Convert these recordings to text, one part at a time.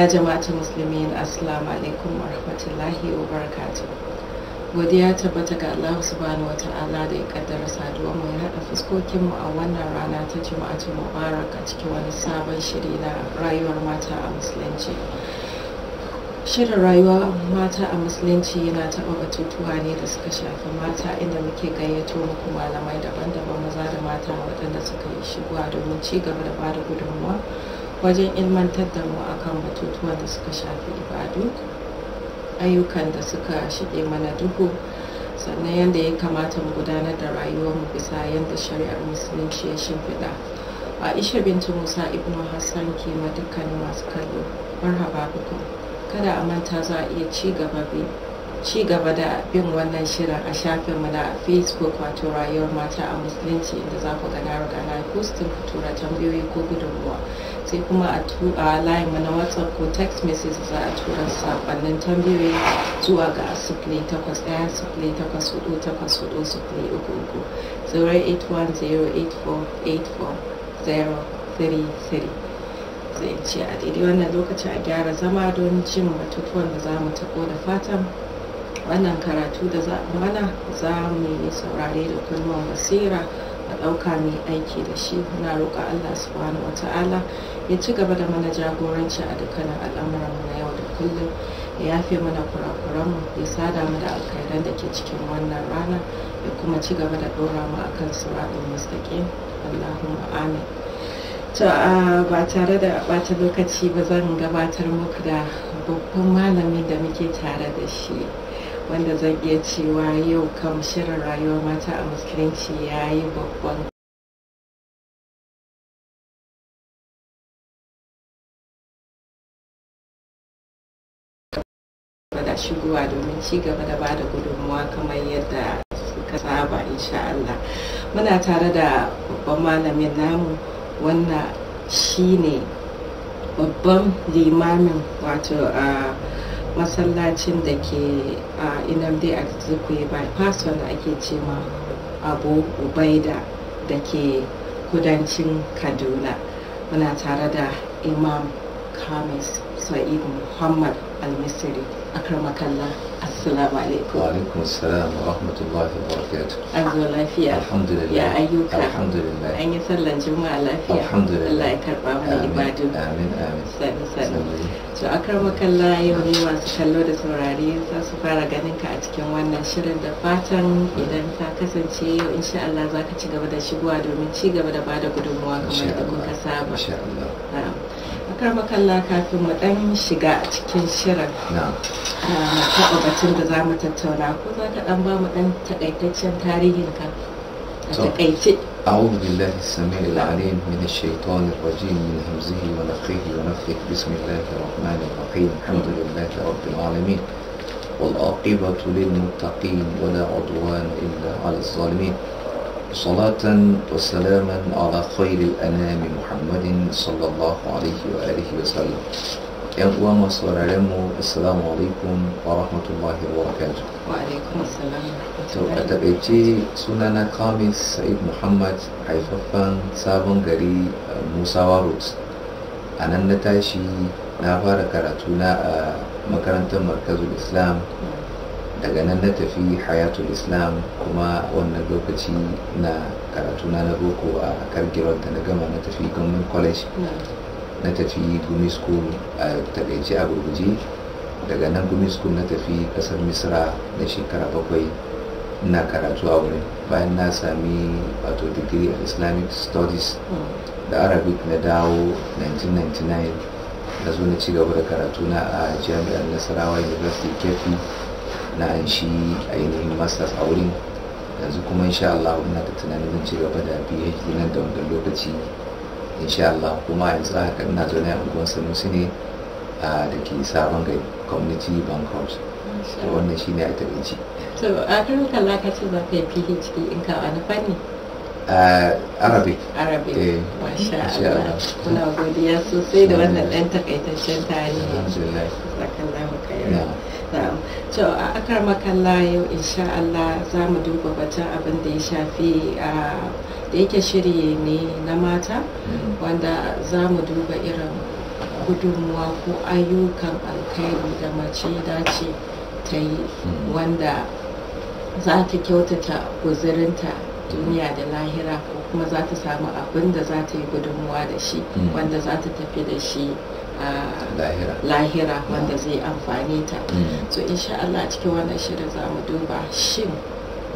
ya musulmi muslimin assalamu alaikum wa rahmatullahi wa barakatu godiya tabbata ga Allah subhanahu wata ta'ala da ya kaddara saduwa mu ya fuskokin mu a wannan rana ta ta mubarak a cikin wani sabon shiri na rayuwar mata a musulunci shirin rayuwa mata a musulunci yana taɓa batutuwa ne da suka shafi mata inda muke gayyato muku malamai daban-daban maza da mata waɗanda suka yi shigowa domin ci gaba da bada gudunmuwa. wajen ilmantar da mu akan batutuwa da suka shafi ibadu ayyukan da suka shige mana duhu sannan yadda ya kamata mu gudanar da rayuwar mu bisa yadda shari'ar musulunci ya shimfiɗa aisha bintu musa ibn hassan ke ma dukkanin masu kallo marhaba biku kada a manta za a iya ci gaba da bin wannan shirin a shafin mu na facebook wato rayuwar mata a musulunci inda za ku gana na riga ku tura tambayoyi ko gudunmuwa sai kuma a tura layin na whatsapp ko text message za a tura sakonnin tambayoyi zuwa ga sifili takwas ɗaya sifili takwas hudu takwas hudu sifili uku uku three zai ce a daidai wannan lokaci a gyara zama don jin matutuwan da za mu tako da fatan wannan karatu da za mana za mu yi saurare da kulman basira ɗauka mai aiki da shi muna roƙa Allah subhanahu wa ta'ala ya ci gaba da mana jagoranci a dukkanin al'amuran na yau da kullum ya yafe mana kurakuranmu ya sada mu da alkhairan da ke cikin wannan rana ya kuma ci gaba da ɗora mu akan suratul mustaqim Allahumma amin to ba tare da bata lokaci ba zan gabatar muku da babban malamin da muke tare da shi wanda zan iya cewa yau kam shirin rayuwar mata a musulunci ya yi babban da shigowa domin ci gaba da bada gudunmuwa kamar yadda suka saba insha Allah muna tare da babban malamin namu wannan shine babban limamin wato a ah, masallacin da ke a inamdi a bai bypass da ake ce ma abu ubaida da ke kudancin kaduna muna tare da imam kamis sa'id muhammad al-misri a karmakalla Assalamu alaikum. Wa alaikum wa rahmatullahi wa barakatuh. An Ya ayyuka. Alhamdulillah. An yi sallan juma'a lafiya. Alhamdulillah. Allah ya Amin amin. Sani sani. To akramakallah yau ne masu kallo da saurari za su fara ganin ka a cikin wannan shirin da fatan idan ka kasance yau insha Allah za ka ci gaba da shigowa domin ci gaba da bada gudunmuwa kamar da saba. Insha Allah. Allah kafin mu dan shiga cikin shirin ah, ta batun da tattauna ko za ka dan ba mu dan takaitaccen tarihin ka أعوذ بالله السميع العليم من الشيطان الرجيم من همزه ونفخه ونفخه بسم الله الرحمن الرحيم الحمد لله رب العالمين والآقبة للمتقين ولا عدوان إلا على الظالمين صلاة وسلاما على خير الأنام محمد صلى الله عليه وآله وسلم yan uwa masu sauraren mu assalamu alaikum wa rahmatullahi wa barakatuh wa alaikum assalam to a taƙaice sunana kamis sa'id muhammad haifaffan sabon gari musawa road anan na tashi na fara karatu na a makarantar markazul islam daga nan na tafi hayatul islam kuma wannan lokaci na karatu na na boko a kargiron da na gama na tafi government college mm. na tafi gumi school a Takaici a gurguje daga nan gumi school na tafi kasar misra na shekara bakwai na karatu a wurin bayan na sami wato degree of islamic studies mm. da arabic na dawo 1999 na zo na ci gaba da karatu na a jami'ar nasarawa university kefi na an shi ainihin masters a wurin yanzu kuma insha Allah ina da tunanin zan ci gaba da PhD nan da wannan lokaci insha Allah kuma yanzu haka ina zaune a unguwar Sanusi ne da ke sabon gari community bank house to wannan shine a taƙaice so a kan kalla ka ce za kai PhD in ka wani fanni arabic arabic eh, masha Allah Kuna godiya sosai da wannan ɗan takaitaccen tarihi alhamdulillah to a akar makalla yau insha Allah za mu duba batun abin da ya shafi da yake shirye ne na mata wanda za mu duba irin gudunmuwa ko ayyukan alkhairi da mace dace ta yi wanda za ta kyautata guzurinta duniya da lahira ko kuma za ta samu abin da za ta yi gudunmuwa da shi wanda za ta tafi da shi lahira wanda mm. zai amfani ta mm. so insha Allah cikin wannan shirin za mu duba shin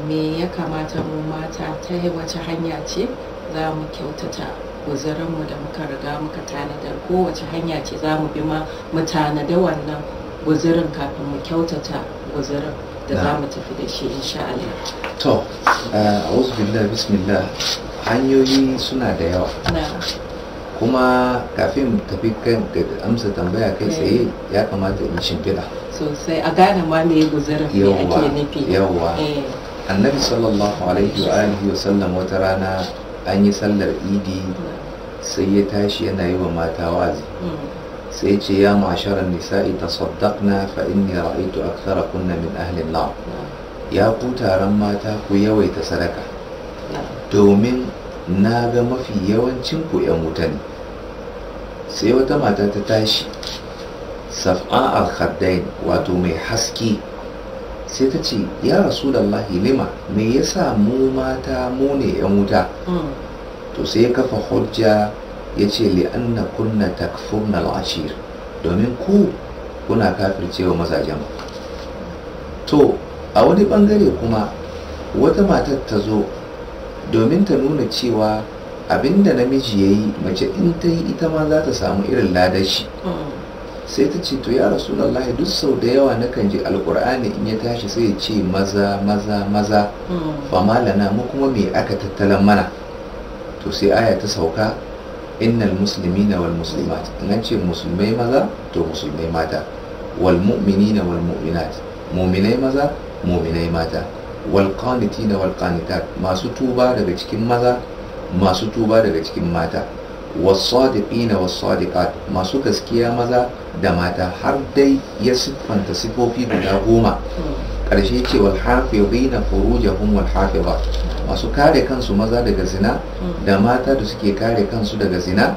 me ya kamata mu mata ta wace hanya ce za mu kyautata guzurinmu da muka riga muka tanadar kowace hanya ce za mu bi ma mu tanada wannan guzurin kafin mu kyautata guzurin da za mu tafi da shi insha Allah. To, uh, a wasu bismillah hanyoyi suna da yawa. kuma kafin tafi kan amsa tambaya kai tsaye eh. ya kamata in shimfiɗa sosai a gane ma me guzurin me ake nufi yawwa eh. annabi sallallahu alaihi wa alihi wa sallam wata rana an yi sallar idi sai ya tashi yana yi wa mata wazi hmm. sai ce ya nisa nisa'i tasaddaqna fa inni ra'aytu akthara kunna min ahli an hmm. ya ku taron mata ku yawaita sadaka hmm. domin na ga mafi yawancin ku 'yan wuta ne sai wata mata ta tashi saf'a al-khaddain wato mai haski, sai ta ce ya rasu rasulallahi lima me yasa mu mata mu ne yan wuta hmm. to sai ya kafa hujja ya ce li'anna kunna takfurna al-ashir domin ku kuna kafircewa mazajen to a wani bangare kuma wata matar ta zo domin ta nuna cewa abinda namiji ya yi mace in ta yi ita ma za ta samu irin ladashi mm. sai ta ce to ya rasulallah duk sau da yawa na kan ji alkur'ani in ya tashi sai ya ce maza maza maza mm. fama mu kuma me aka tattalan mana to sai aya ta sauka innal muslimina wal muslimat in an ce musulmai maza to musulmai mata wal mu'minina wal mu'minat mu'minai maza mu'minai mata wal qanitina wal qanitat masu tuba daga cikin maza masu tuba daga cikin mata wasu wasadiqat masu gaskiya maza da mata har dai ya siffanta sifofi guda goma ƙarshe ce wal hafizina furujahum wal ba. masu kare kansu maza daga zina da mata da suke kare kansu daga zina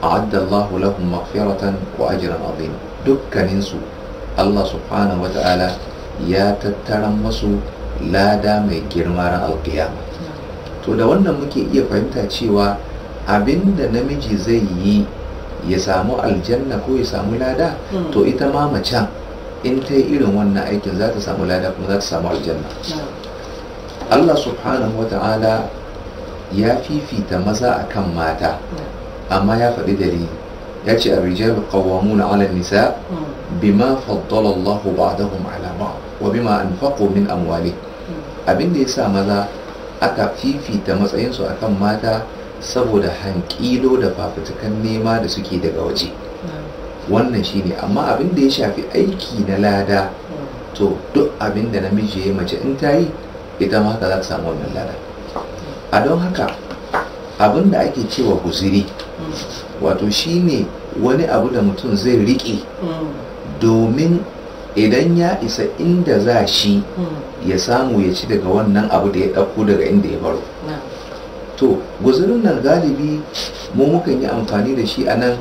a'adda Allahu lahum maghfiratan wa ajran azima dukkanin su Allah subhanahu wa ta'ala ya tattara masu lada mai girma ran alƙiyama to da wannan muke iya fahimta cewa abinda namiji zai yi ya samu aljanna ko ya samu lada hmm. to ita ma macen in ta yi irin wannan aikin za ta samu lada kuma za ta samu aljanna hmm. Allah subhanahu wa ta'ala ya fifita maza akan mata hmm. amma ya faɗi dalili ya ce a rijal na 'ala nisa bima faddala Allahu ba'dahum 'ala ba'd wa bima anfaqu min amwali abin da yasa maza aka fifita matsayinsu akan mata saboda hankilo da fafutukan nema da suke daga waje wannan shi ne, amma abin da ya shafi aiki na lada to duk abin da namiji ya mace in ta yi ita ma haka za ta samu wannan lada a don haka abin da ake cewa guziri wato shi ne wani abu da mutum zai riƙe mm. domin idan ya isa inda za shi hmm. ya samu ya ci daga wannan abu da ya ɗauko daga inda ya baro to guzurin nan galibi mu mukan yi amfani da shi a nan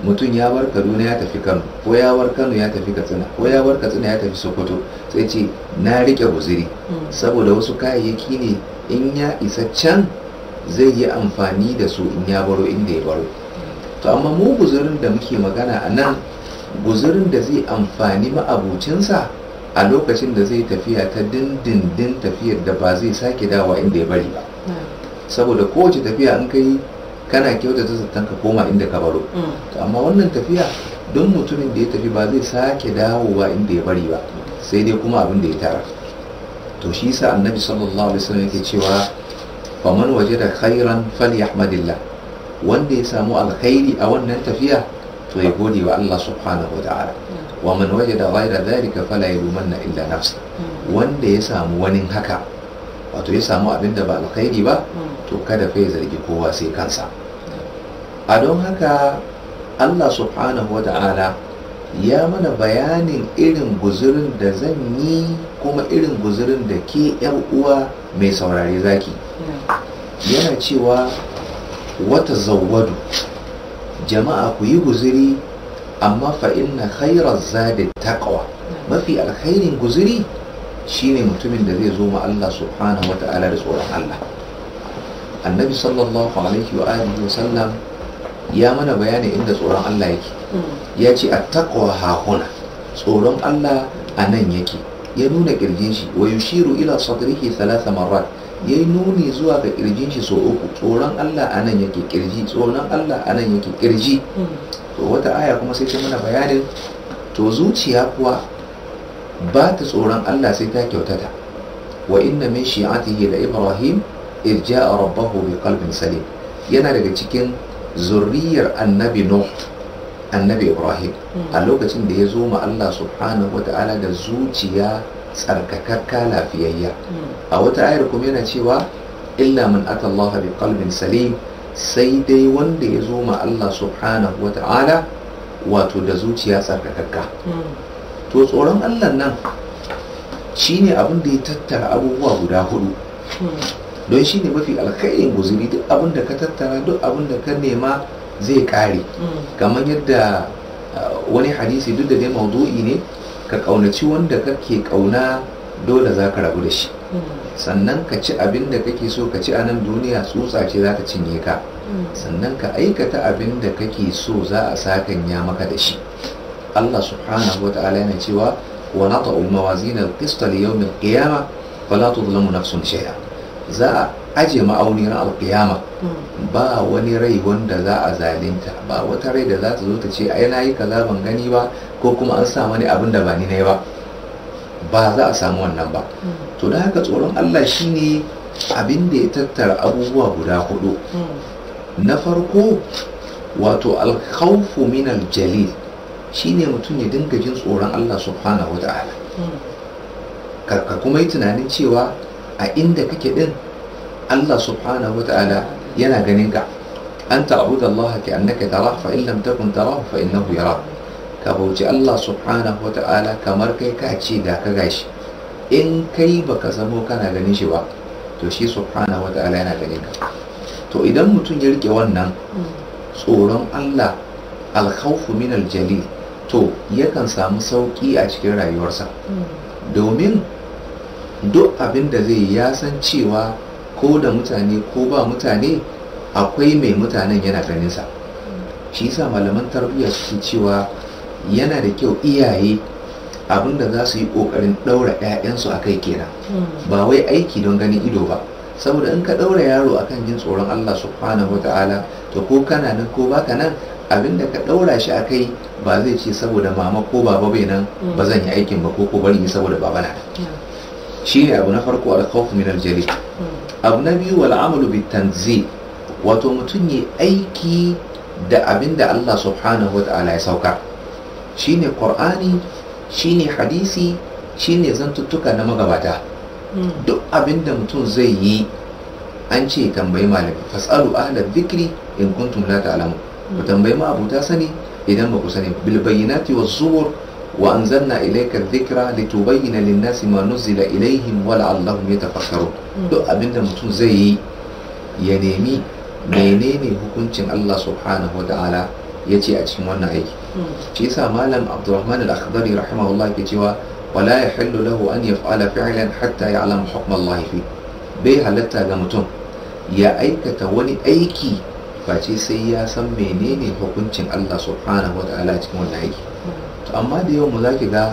mutum ya bar kaduna ya tafi kano ko ya bar kano ya tafi katsina ko ya bar katsina ya tafi sokoto sai ce na rike guziri hmm. saboda wasu kayayyaki ne in ya isa can zai yi amfani da su in ya baro inda ya baro hmm. to amma mu guzurin da muke magana a nan guzurin da zai amfani ma'abucinsa a lokacin da zai tafiya ta dindindin tafiyar da ba zai sake dawa inda ya bari ba hmm. saboda kowace tafiya in yi. kana kyautata zattan ka koma inda ka baro hmm. amma wannan tafiya don mutumin da ya tafi ba zai sake dawowa inda ya bari ba sai dai kuma abin da ya tara to shi sa annabi sallallahu alaihi wasallam yake cewa faman da khairan falyahmadillah wanda ya samu alkhairi a wannan tafiya to ya gode wa Allah subhanahu wa ta'ala wa man wajada ghayra dhalika fala yalumanna illa nafsa wanda ya samu wani haka wato ya samu abin da ba alkhairi ba to kada fai zargi kowa sai kansa a don haka Allah subhanahu wa ta'ala ya mana bayanin irin guzurin da zan yi kuma irin guzurin da ke yar uwa mai saurari zaki yana cewa wata zawwadu jama'a ku yi guziri amma fa'in na khairar zadi taƙawa. mafi alkhairin guziri shine mutumin da zai zo ma Allah subhanahu wa ta'ala da tsoron Allah annabi sallallahu alaihi wa alihi wa sallam ya mana bayani inda tsoron Allah yake mm. ya ce a takwa hahuna tsoron Allah a nan yake ya nuna kirjin shi wa yushiru ila sadrihi thalatha marrat ya yi nuni zuwa ga kirjin shi so uku tsoron Allah a nan yake kirji tsoron Allah a nan yake kirji to wata aya kuma sai ta mana bayanin to zuciya kuwa ba ta tsoron Allah sai ta kyautata wa inna min shi'atihi la ibrahim irja'a rabbahu bi qalbin salim yana daga cikin zurriyar annabi nuh annabi ibrahim a lokacin da ya zo ma Allah subhanahu ta'ala da zuciya tsarkakakka lafiyayya hmm. a wata ayar kuma yana cewa illa min ata Allah bi qalbin salim sai dai wanda ya zo ma Allah subhanahu wata'ala wato da zuciya tsarkakakka hmm. to tsoron Allah nan shine abin da ya tattara abubuwa guda hudu hmm. don shine mafi alkhairin guzuri duk abin da ka tattara duk abin da ka nema zai kare kamar yadda uh, wani hadisi duk da dai maudu'i ne ka ƙaunaci wanda kake ƙauna dole za ka rabu da shi sannan ka ci abin da kake so ka ci a nan duniya tsutsa ce za ta cinye ka sannan ka aikata abin da kake so za a ya maka da shi Allah subhanahu wa ta'ala yana cewa wa nata'u mawazin al-qist li nafsun shay'a za a aje ma'auni na alkiyama hmm. ba wani rai wanda za a zalinta ba wata rai da za ta zo ta ce ai na yi kaza ban gani ba ko kuma an sa wani abin da ba ni nayi ba ba za a samu wannan ba hmm. to da haka tsoron Allah shine abin da ya tattara abubuwa guda hudu hmm. na farko wato alkhawfu min aljalil shine mutum ya dinga jin tsoron Allah subhanahu ala ka kuma yi tunanin cewa a inda kake din Allah subhanahu wa ta'ala yana ganin ka an ta'budu Allah ka annaka tara fa in lam takun tara fa innahu yara ka bauci Allah subhanahu wa ta'ala kamar kai ka ce da ka gashi in kai baka zamo kana ganin shi ba to shi subhanahu wa ta'ala yana ganin ka to idan mutum ya rike wannan tsoron Allah alkhawfu min aljalil to yakan samu sauki a cikin rayuwarsa hmm. domin duk abin da zai ya san cewa ko da mutane ko ba mutane akwai mai mutanen yana ganinsa shi sa malaman tarbiyya su cewa yana da kyau iyaye abin da za su yi kokarin ɗaura 'ya'yansu a kai kera ba wai aiki don ganin ido ba saboda in ka ɗaura yaro a kan jin tsoron Allah subhanahu wata'ala to ko kana nan ko baka nan abin da ka ɗaura shi a kai ba zai ce saboda mama ko baba bai nan ba zan yi aikin ba ko ko bari saboda baba na ne abu na farko al-khawf min al abu na biyu wal amalu bi tanzi wato mutum ya aiki da abin da Allah subhanahu wa ta'ala ya sauka shine qur'ani shine hadisi shine zantuttuka na magabata duk abin da mutum zai yi an ce tambayi malami fasalu ahla dhikri in kuntum la ta'lamun ku tambayi ma abuta sani idan ba ku sani bil bayyinati was zuhur. وأنزلنا إليك الذكرى لتبين للناس ما نزل إليهم ولعلهم ya duk abin abinda mutum zai yi ya nemi menene hukuncin Allah subhanahu wa ta'ala ya ce a cikin wannan aiki shi yasa malam abdurrahman al-akhdari rahimahullah ke cewa wala yahillu lahu an ya yaf'ala fi'lan hatta ya hukm Allah fi bai halatta ga mutum ya aikata wani aiki Bace sai ya san menene hukuncin Allah subhanahu wa ta'ala cikin wannan aiki to amma da yawan mu za ga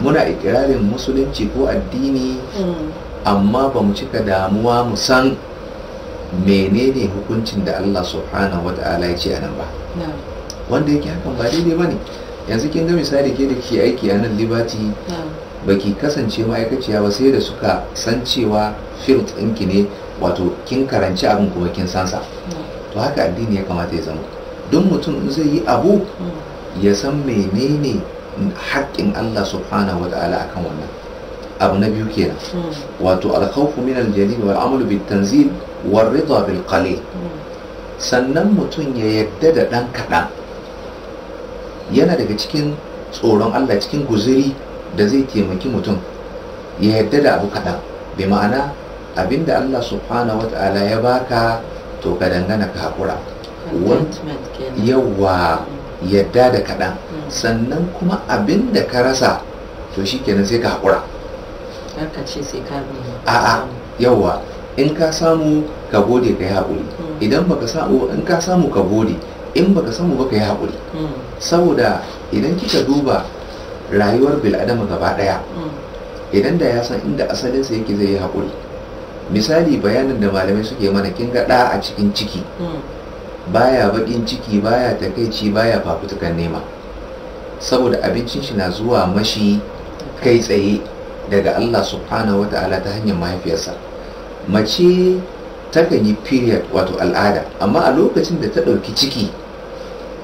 muna ikirarin musulunci ko addini hmm. amma ba mu cika damuwa mu san menene hukuncin da Allah subhanahu wata'ala ya ce a nan ba wanda yake hakan ba daidai ba ne yanzu kin ga misali ke da ke aiki a nan libati baki kasance ma'aikaciya ba sai da suka san cewa field ɗinki ne wato kin karanci abin kuma kin sansa to haka addini ya kamata ya zama don mutum zai yi abu hmm. ya san menene haƙƙin Allah subhanahu wa ta'ala akan wannan abu na biyu kenan hmm. wato alkhawfu min aljalil wal amalu bit tanzil bil qalil hmm. sannan mutum ya yadda da dan kaɗan yana daga cikin tsoron Allah cikin guzuri da zai taimaki mutum ya yadda da abu kaɗan bi ma'ana abinda Allah subhanahu wa ta'ala ya baka to ka dangana ka haƙura yawwa hmm. yadda da kaɗan sannan kuma abin da ka rasa to shi kenan sai ka haƙura a'a yawwa in ka samu ka gode ka yi haƙuri mm. idan baka samu in ka samu ka gode in baka samu baka yi haƙuri mm. saboda idan kika duba rayuwar bil'adama gaba ɗaya mm. idan da ya san inda asalinsa yake zai yi haƙuri misali bayanin da malamai suke mana kin ga ɗa a cikin ciki baya bakin ciki baya takaici baya fafutukan nema saboda abincin shi na zuwa mashi kai tsaye daga Allah subhanahu wa ta'ala ta hanyar mahaifiyarsa mace takan yi period wato al'ada amma a lokacin da ta ɗauki ciki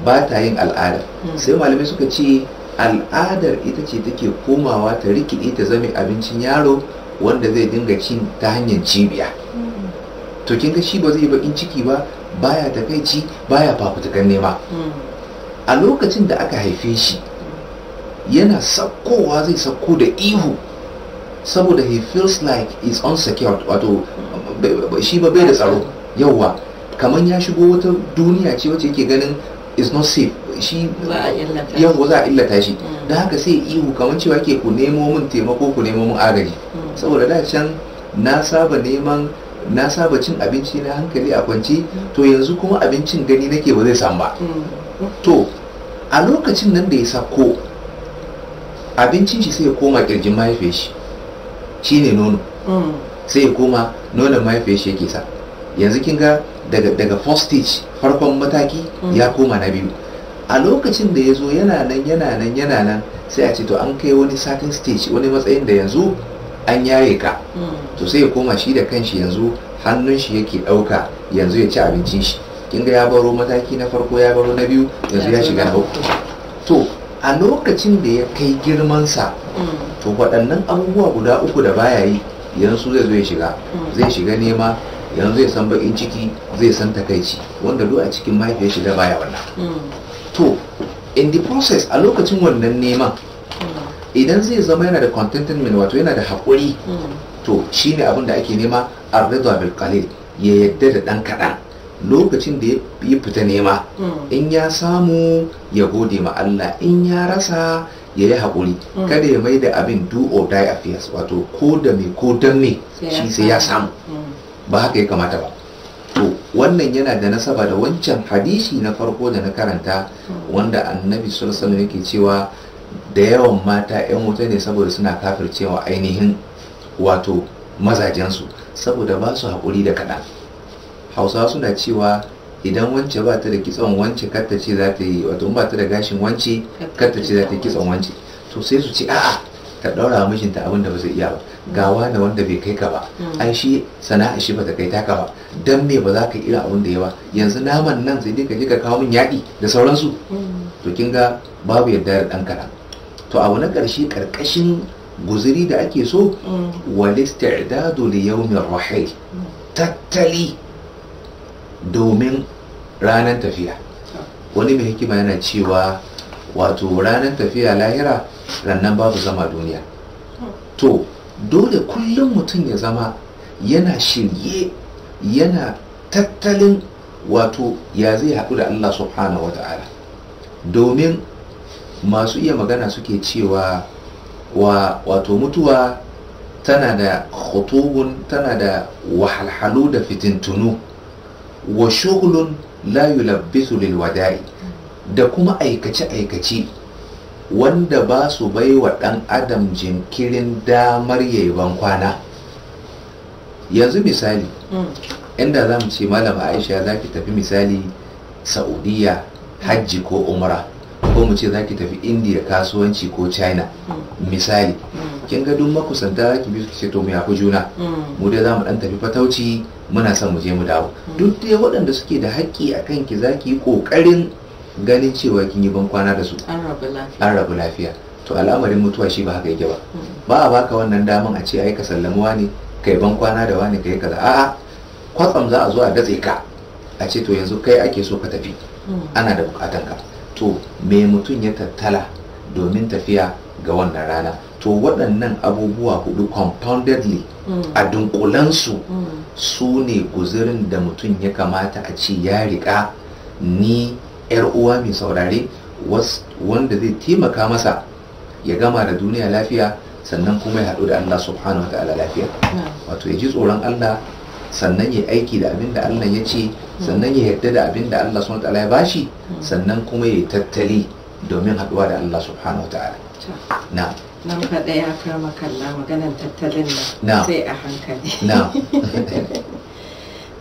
ba ta yin al'ada hmm. sai malamai suka ce al'adar ita ce take komawa ta rikide ta zama abincin yaro wanda zai dinga cin ta hanyar cibiya hmm. to kin ga shi ba zai yi bakin ciki ba baya takaici baya fafutukan nema a lokacin da aka haife shi yana sakkowa zai sakko da ihu saboda he feels like is unsecured wato shi ba bai da tsaro yauwa kamar ya shigo wata duniya ce wacce yake ganin is not safe shi yau za a illata shi mm. da haka sai ihu kamar cewa ke ku nemo min taimako ku nemo min agaji mm. saboda da can na saba neman na saba cin abinci na hankali a kwance to yanzu kuma abincin gani nake ba zai samu ba to a lokacin nan da ya sako abincin shi sai ya koma kirjin mahaifiyar shi shine nono sai ya koma nonon mahaifiyar shi yake sa yanzu kin ga daga daga first farkon mataki ya koma na biyu a lokacin da ya zo yana nan yana nan yana nan sai a ce to an kai wani satin stage wani matsayin da yanzu an yaye ka hmm. to sai ya koma shi da kanshi yanzu hannun shi yake ɗauka yanzu ya ci abincin shi kin ga ya baro mataki na farko ya baro na biyu yanzu ya shiga na to a lokacin da ya kai girman sa hmm. to waɗannan abubuwa guda uku da baya yi yanzu zai zo ya shiga hmm. zai shiga nema yanzu zai san bakin ciki zai san takaici wanda duk a cikin mahaifiyar shiga baya wannan to in the process a lokacin wannan neman idan zai zama yana da contentment wato yana da haƙuri hmm. to shine abin da ake nema a bil qalil ya yadda da dan kaɗan lokacin da ya fita nema hmm. in ya samu ya gode ma Allah in ya rasa ya yi haƙuri hmm. kada ya mai da abin do or die affairs wato ko da mai ko dan me shi sai ya samu ba haka ya kamata ba to wannan yana da nasaba da wancan hadisi na farko da na karanta wanda annabi sallallahu alaihi wasallam yake cewa da yawan mata 'yan wuta ne saboda suna kafircewa ainihin wato mazajensu saboda ba su haƙuri da kaɗan hausawa suna cewa idan wance ba ta da kitson wance katta ce za ta yi wato ba ta da gashin wance katta ce za ta yi kitson wance to sai su ce a'a ta ɗaura mijinta abin da ba zai iya ba gawa da wanda bai kai ka ba hmm. ai shi sana'a shi ba ta kai taka ba dan me ba za ka iya abin da yawa yanzu naman nan sai dai ka je ka kawo min yaɗi da sauransu hmm. to kin ga babu yadda da ɗan kaɗan to abu na ƙarshe ƙarƙashin guziri da ake so mm. walisti'dadu li yaumin rahil tattali domin ranar tafiya wani mai hikima yana cewa wato ranar tafiya lahira rannan babu zama duniya mm. to dole kullum mutum ya zama yana shirye yana tattalin wato ya zai haɗu da Allah subhanahu wa ta'ala domin masu iya magana suke cewa wa wato mutuwa tana da hotogun tana da wahalhalu da fitintunu wa shugulun layu labbisu lil da kuma aikace aikace wanda ba su bai wa ɗan adam jinkirin damar yayi kwana yanzu misali mm. inda za mu ce malama aisha za ki tafi misali saudiya hajji ko umra ko mu ce za ki tafi indiya kasuwanci ko china mm. misali mm. kin ga duk makusanta za ki bi su ce to mu yafi juna mm. mu dai za mu dan tafi fatauci muna son mu je mu dawo duk dai waɗanda suke da haƙƙi a kanki za ki yi ƙoƙarin ganin cewa kin yi bankwana da su an rabu lafiya to al'amarin mutuwa shi ba haka yake ba ba a baka wannan daman a ce ai ka sallami wani kai bankwana da wani kai kaza a'a kwatsam za a zo a datse ka a ce to yanzu kai ake so ka tafi ana da bukatan ka to me mutum ya tattala domin tafiya ga wannan rana to waɗannan abubuwa hudu compoundedly mm. a dunkulansu mm. su ne guzirin da mutum ya kamata a ce ya riƙa ni 'yar uwa mai saurare wanda zai taimaka masa ya gama da duniya lafiya sannan kuma ya haɗu da Allah subhanahu wa ta'ala lafiya wato ya ji tsoron Allah sannan ya aiki da abin da Allah ya ce sannan ya yarda da abin da Allah subhanahu ya bashi sannan kuma ya tattali domin haɗuwa da Allah subhanahu ta'ala na nan faɗa ya kama kalla maganan tattalin nan sai a hankali na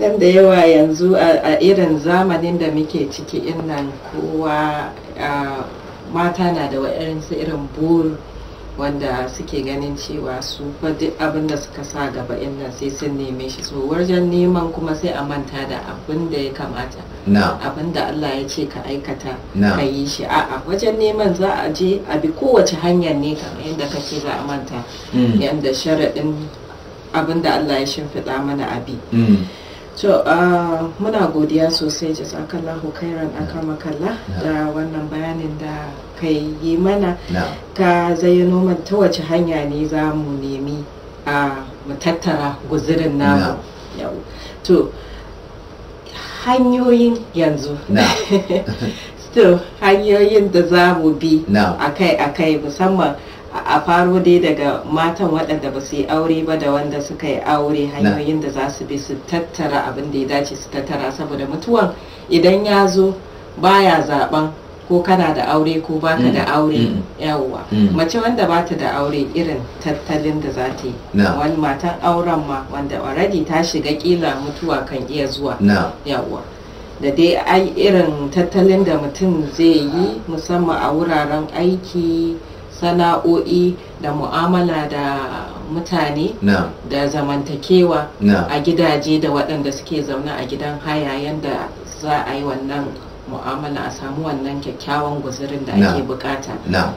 dan da yawa yanzu a irin zamanin da muke ciki innan kowa mata na da su irin buru wanda suke ganin cewa su fa duk abin da suka sa gaba inda sai sun neme shi so wajen neman kuma sai a manta da abin da ya kamata abin da Allah ya ce ka aikata ka yi shi a'a wajen neman za a je a bi kowace hanyar ne kamar yadda kake za a manta mm. yadda sharaɗin abin da Allah ya shimfiɗa mana abi so mm. muna godiya sosai jazakallahu khairan aka makalla da wannan bayanin da ka yi mana ka zai noman ta wace hanya ne za mu nemi a mu guzirin namu to hanyoyin yanzu To hanyoyin da za mu bi akai-akai musamman a faro dai daga matan waɗanda ba su yi aure ba da wanda suka yi aure hanyoyin da za su bi su tattara abin da ya dace su tattara saboda mutuwan idan ya zo baya zaben ko kana da aure ko baka mm. da aure mm. yawwa mm. mace wanda bata da aure irin tattalin da za ta yi wani matan auren ma wanda already ta shiga kila mutuwa kan iya zuwa yawwa da dai ai irin tattalin da mutum zai yi musamman a wuraren aiki sana'o'i da mu'amala da mutane da zamantakewa a gidaje da waɗanda suke zaune a gidan haya yadda za a yi wannan mu'amala a samu wannan kyakkyawan guzurin da ake bukata na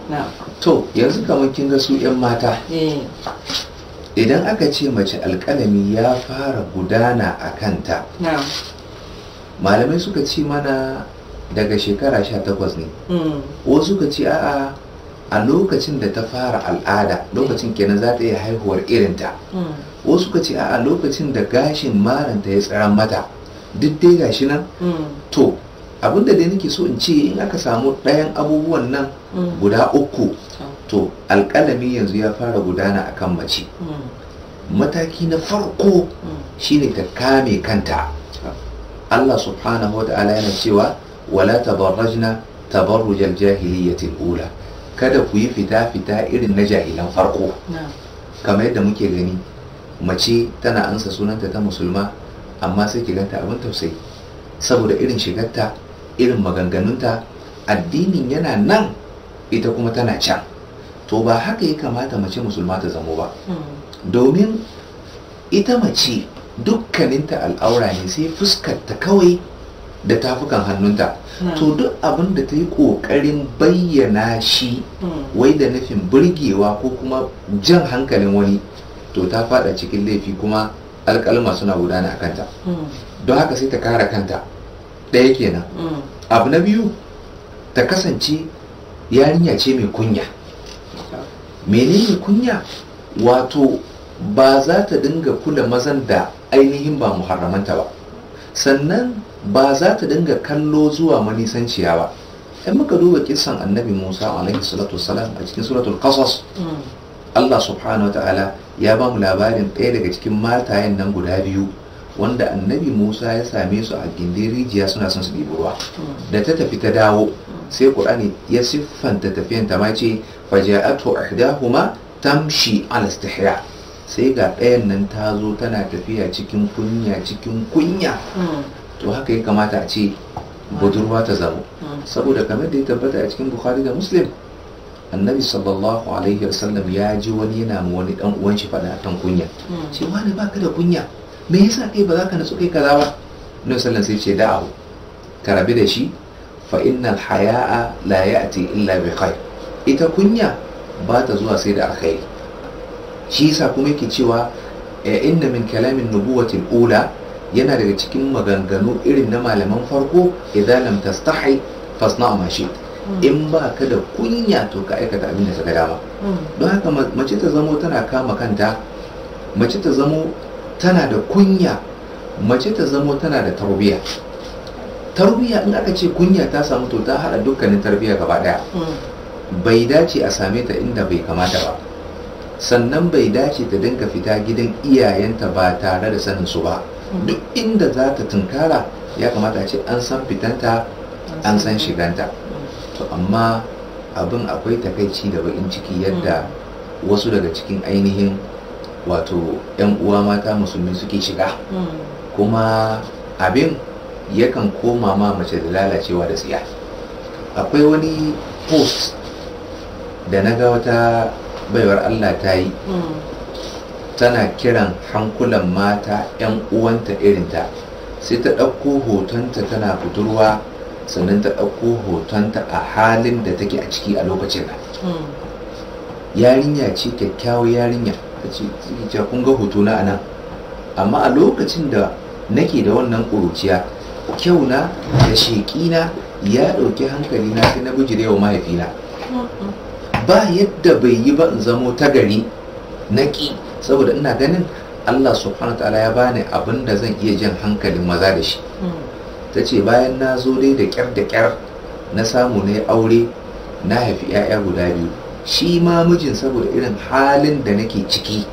to yanzu kamar kin ga su yan mata eh. idan aka ce mace alkalami ya fara gudana a kanta malamai suka ce mana daga shekara sha takwas ne hmm. wasu suka ce a a lokacin da ta fara al'ada lokacin kenan za ta iya haihuwar irinta hmm. wasu suka ce a'a lokacin da gashin maranta ya tsara mata duk dai gashi nan hmm. to Abin da dai nake so in ce in aka samu ɗayan abubuwan nan mm. guda uku to alƙalami yanzu ya fara gudana akan mace mm. mataki na farko mm. shine ta kame kanta Allah subhanahu wa ta'ala yana cewa wala tabarrajna tabarrujal jahiliyyatil ula kada ku yi fita fita irin na jahilan farko kamar yadda muke gani mace tana ansa sunanta ta musulma amma sai ki ganta abin tausayi saboda irin shigarta irin maganganunta addinin yana nan ita kuma tana can to ba haka ya kamata mace musulma ta zamo ba hmm. domin ita mace dukkaninta al'aura ne sai fuskarta kawai da tafukan hannunta hmm. to duk abin da ta yi ƙoƙarin bayyana shi hmm. wai da nufin burgewa ko kuma jan hankalin wani to ta fada cikin laifi kuma alƙalma suna gudana a kanta don haka sai ta kara kanta ɗaya kenan mm. abu na biyu ta kasance yarinya ce mai kunya menene kunya wato ba za ta dinga kula mazan da ainihin ba muharramanta ba sannan ba za ta dinga kallo zuwa manisanciya ba in muka duba kisan annabi musa alaihi salatu wasalam a cikin suratul qasas mm. Allah subhanahu wa ta'ala ya ba mu labarin ɗaya daga cikin matayen nan guda biyu wanda annabi musa ya same su a gindin rijiya suna son su ɗibi ruwa da ta tafi ta dawo sai ƙudani ya siffanta tafiyan ta mace faja'atu ahdahuma tamshi ala istihya sai ga ɗayan nan ta zo tana tafiya cikin kunya cikin kunya to haka ya kamata a ce budurwa ta zamo saboda kamar da ya tabbata a cikin bukhari da muslim annabi sallallahu alaihi wasallam ya ji wani yana mu wani dan uwan shi fada kan kunya hmm. ce wani baka da kunya me yasa kai ba za ka nutsu kai kaza ba na sallan sai ce da'a ka rabi da shi fa innal haya'a la ya'ti illa bi khair ita kunya ba ta zuwa sai da alkhairi shi yasa kuma yake cewa inna min kalamin nubuwatil ula yana daga cikin maganganu irin na malaman farko idan lam tastahi fasna ma shi hmm. in ba ka da kunya to ka aikata abin da ta dama hmm. don haka mace ta zamo tana kama kanta mace ta zamo tana da kunya mace ta zamo tana da tarbiyya tarbiyya in aka ce kunya ta samu to ta haɗa dukkanin tarbiya gaba daya mm. bai dace a same ta inda bai kamata ba sannan bai dace ta dinka fita gidan iyayenta ba tare da sanin su ba mm. duk inda za ta tunkara ya kamata a ce an san fitanta an san shiganta mm. to amma abin akwai takaici da bakin ciki yadda wasu daga cikin ainihin wato 'yan uwa mata musulmi suke shiga hmm. kuma abin yakan koma ma mace da lalacewa da tsiya akwai wani post da na ga wata baiwar allah ta yi hmm. tana kiran hankulan mata 'yan uwanta irinta sai ta ɗauko hotonta tana budurwa sannan ta ɗauko hotonta a halin da take a ciki a lokacin hmm. yarinya ce kyakkyawar yarinya ce kun ga hoto na anan amma a lokacin da nake da wannan ƙuruciya kyau na da sheƙina ya ɗauki hankali na sai na bujire wa mahaifina ba yadda bai yi ba in zamo ta gari na ƙi, saboda ina ganin Allah subhanahu ta'ala ya bani abin da zan iya jan hankalin maza da shi ta ce bayan na zo dai da kyar da kyar na samu na aure na haifi 'ya'ya guda biyu shi ma mijin saboda irin halin da nake ciki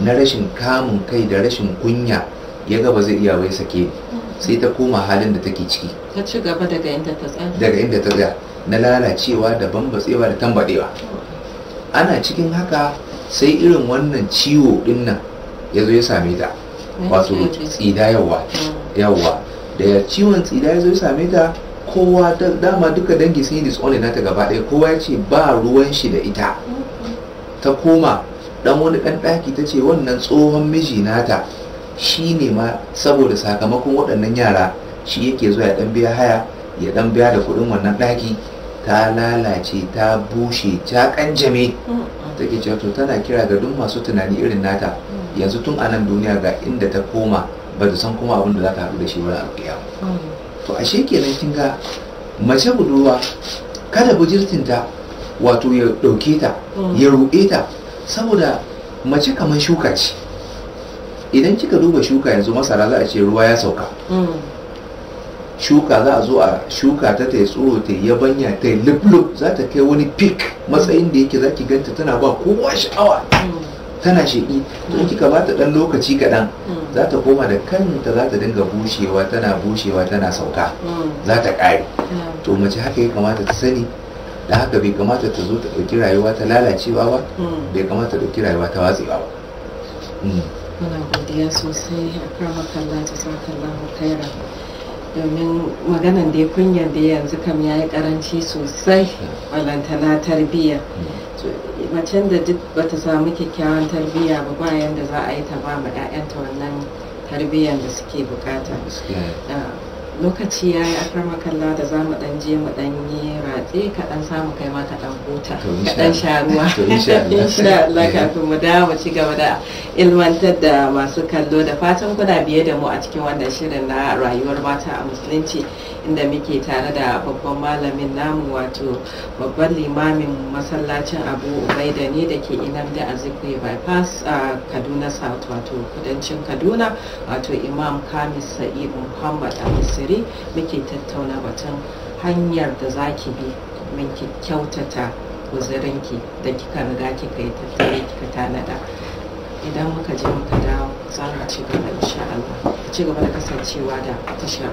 na rashin kamun kai da rashin kunya ya gaba zai iya wai sake ni sai ta koma halin da take ciki ta ci gaba daga inda ta tsaya daga inda ta tsaya na lalacewa da bambatsewa da tambadewa ana cikin haka sai irin wannan ciwo din nan ya zo ya same ta wato tsidayarwa yawa da ciwon tsida ya zo ya same ta kowa dama duka dangi sun yi disowning nata gaba ɗaya kowa ya ce ba ruwan shi da ita ta koma ɗan wani ɗan ɗaki ta ce wannan tsohon miji nata shi ne ma saboda sakamakon waɗannan yara shi yake zuwa ya ɗan biya haya ya ɗan biya da kuɗin wannan ɗaki ta lalace ta bushe ta kanjame take cewa to tana kira ga duk masu tunani irin nata yanzu tun a nan duniya ga inda ta koma ba san kuma abin da za ta haɗu da shi wani a to ashe kenan kin ga mace budurwa kada bujirtinta wato ya ɗauke ta mm. ya ruɗe ta saboda mace kamar shuka ce idan kika duba shuka yanzu masara za a ce ruwa ya sauka mm. shuka za a zo a shuka ta ta yi tsoro ta yi yabanya ta yi lublub za ta kai wani pik matsayin da yake za ki ganta tana ba kowa sha'awa mm. tana sheƙi to mm. kika bata ɗan lokaci kaɗan mm. za ta koma da kanta za ta dinga bushewa tana bushewa tana sauka mm. za ta ƙare to mace haka ya kamata ta sani da haka bai kamata ta zo ta ɗauki rayuwa ta lalacewa ba bai kamata ta ɗauki rayuwa ta watsewa ba muna godiya sosai a kan makalla ta takallahu kaira domin maganan da ya kunyar da yanzu kam ya yi karanci sosai balantana tarbiyya macen da duk bata samu kyakkyawan tarbiyya ba bayan da za a yi ta ba ma 'ya'yanta wannan tarbiyyar da suke bukata lokaci ya yi akar makalla da za mu dan je mu dan yi ratse ka dan samu kai ma ka dan huta ka dan sha ruwa insha Allah kafin mu da ci gaba da ilmantar da masu kallo da fatan kuna biye da mu a cikin wannan shirin na rayuwar mata a musulunci inda muke tare da babban malamin namu wato babban limamin masallacin abu ubaida ne da ke inam da azikwe bypass a kaduna south wato kudancin kaduna wato imam kamis sa'id muhammad a gari muke tattauna batun hanyar da za ki bi muke kyautata guzurinki da kika riga kika yi tattare kika tanada idan muka je muka dawo za mu ci gaba insha ci gaba da kasancewa da tashar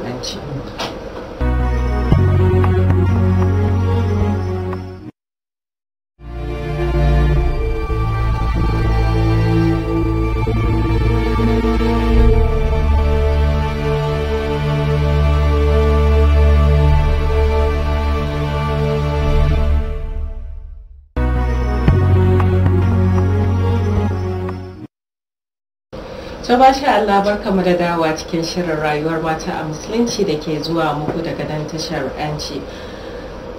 to ba shi Allah mu da dawa cikin shirin rayuwar mata a musulunci da ke zuwa muku daga nan tashar yanci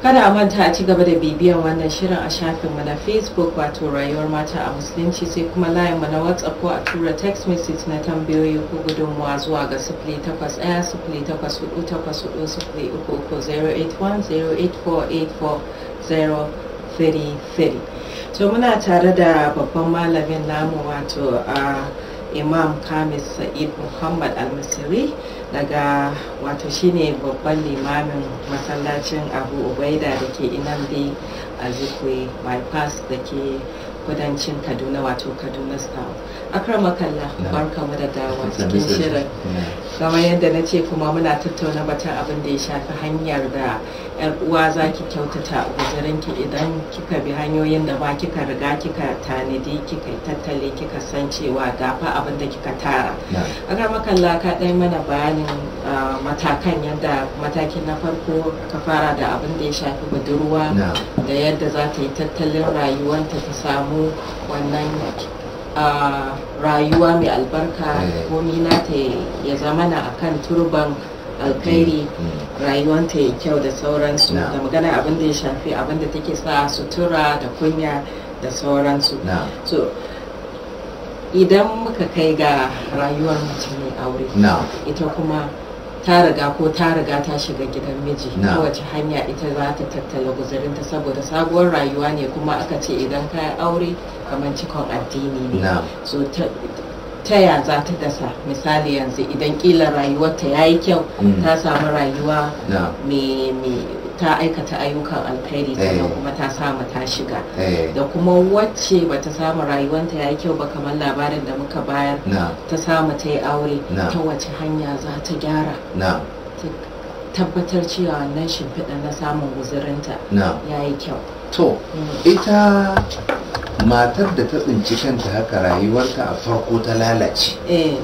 kada a manta a ci gaba da bibiyan wannan shirin a shafinmu na facebook wato rayuwar mata a musulunci sai kuma layin mu na whatsapp ko a tura text message na tambayoyi ko gudunmuwa zuwa ga 081 to muna tare da babban malamin namu wato a ah, imam kamis sa'id muhammad al-masiri daga wato shine babban limamin masallacin abu ubaida da ke da a zikwe bypass da ke kudancin kaduna wato kaduna star akramakalla barkamu da dawa cikin shirin kamar yadda na ce kuma muna tattauna batun abin da ya shafi hanyar da yar uwa za ki kyautata guzurinki idan kika bi hanyoyin da ba kika riga kika tanadi kika tattale kika san cewa gafa abin da kika tara aka makalla ka ɗai mana bayanin ah, matakan yadda matakin na farko ka fara da abin da ya shafi budurwa da yadda za ta yi tattalin rayuwanta ta samu wannan ah, rayuwa mai albarka eh. komi ta ya zamana a kan turban alkhairi mm, mm. rayuwanta ya kyau da sauransu da magana abin da ya shafi abin da take sa sutura da kunya da sauransu so idan muka kai ga rayuwar mutum mai aure ita kuma ta riga ko ta riga ta shiga gidan miji ta wace hanya ita za ta tattala guzurinta saboda sabuwar rayuwa ne kuma aka ce idan ka aure kamar cikon addini ne so ta ya za ta dasa misali yanzu idan kila rayuwarta ya yi kyau mm. ta samu rayuwa mai ta aikata ayyukan alkhairi ta sannan eh. kuma ta samu ta shiga eh. da kuma wacce ba ta samu rayuwanta ya yi kyau ba kamar labarin da muka bayar ta samu ta yi aure ta wace hanya za ta gyara Ta tabbatar cewa wannan shimfiɗa na samun guzurinta ya yi kyau to mm. ita matar da ta tsinci kanta haka rayuwarta a farko ta lalace eh.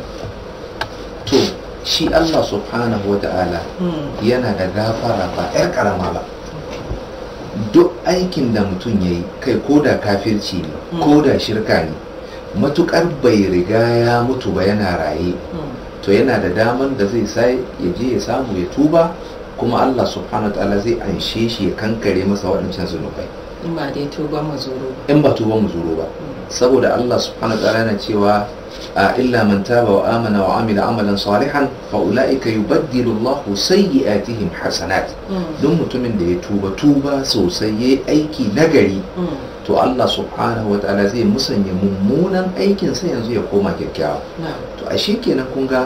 shi Allah subhanahu wa ta'ala hmm. yana da gafara ba 'yar karama ba duk aikin da mutum ya yi kai ko da kafirci ne ko hmm. da shirka ne matukar bai riga ya mutu ba yana raye hmm. to yana da daman da zai sai ya je ya samu ya tuba kuma Allah subhanahu wa ta'ala zai anshe shi ya kankare masa waɗancan zunubai in ba dai tuba ba. in ba tuba ba saboda Allah subhanahu wa ta'ala yana cewa Illa wa Amina إلا من تاب وآمن وعمل عملا صالحا فأولئك يبدل الله سيئاتهم حسنات دون متمن tuba توبة توبة سوسي أيكي نجري to Allah subhanahu wa ta'ala zai musanya mummunan aikin sa yanzu ya koma kyakkyawa to ashe kenan kun ga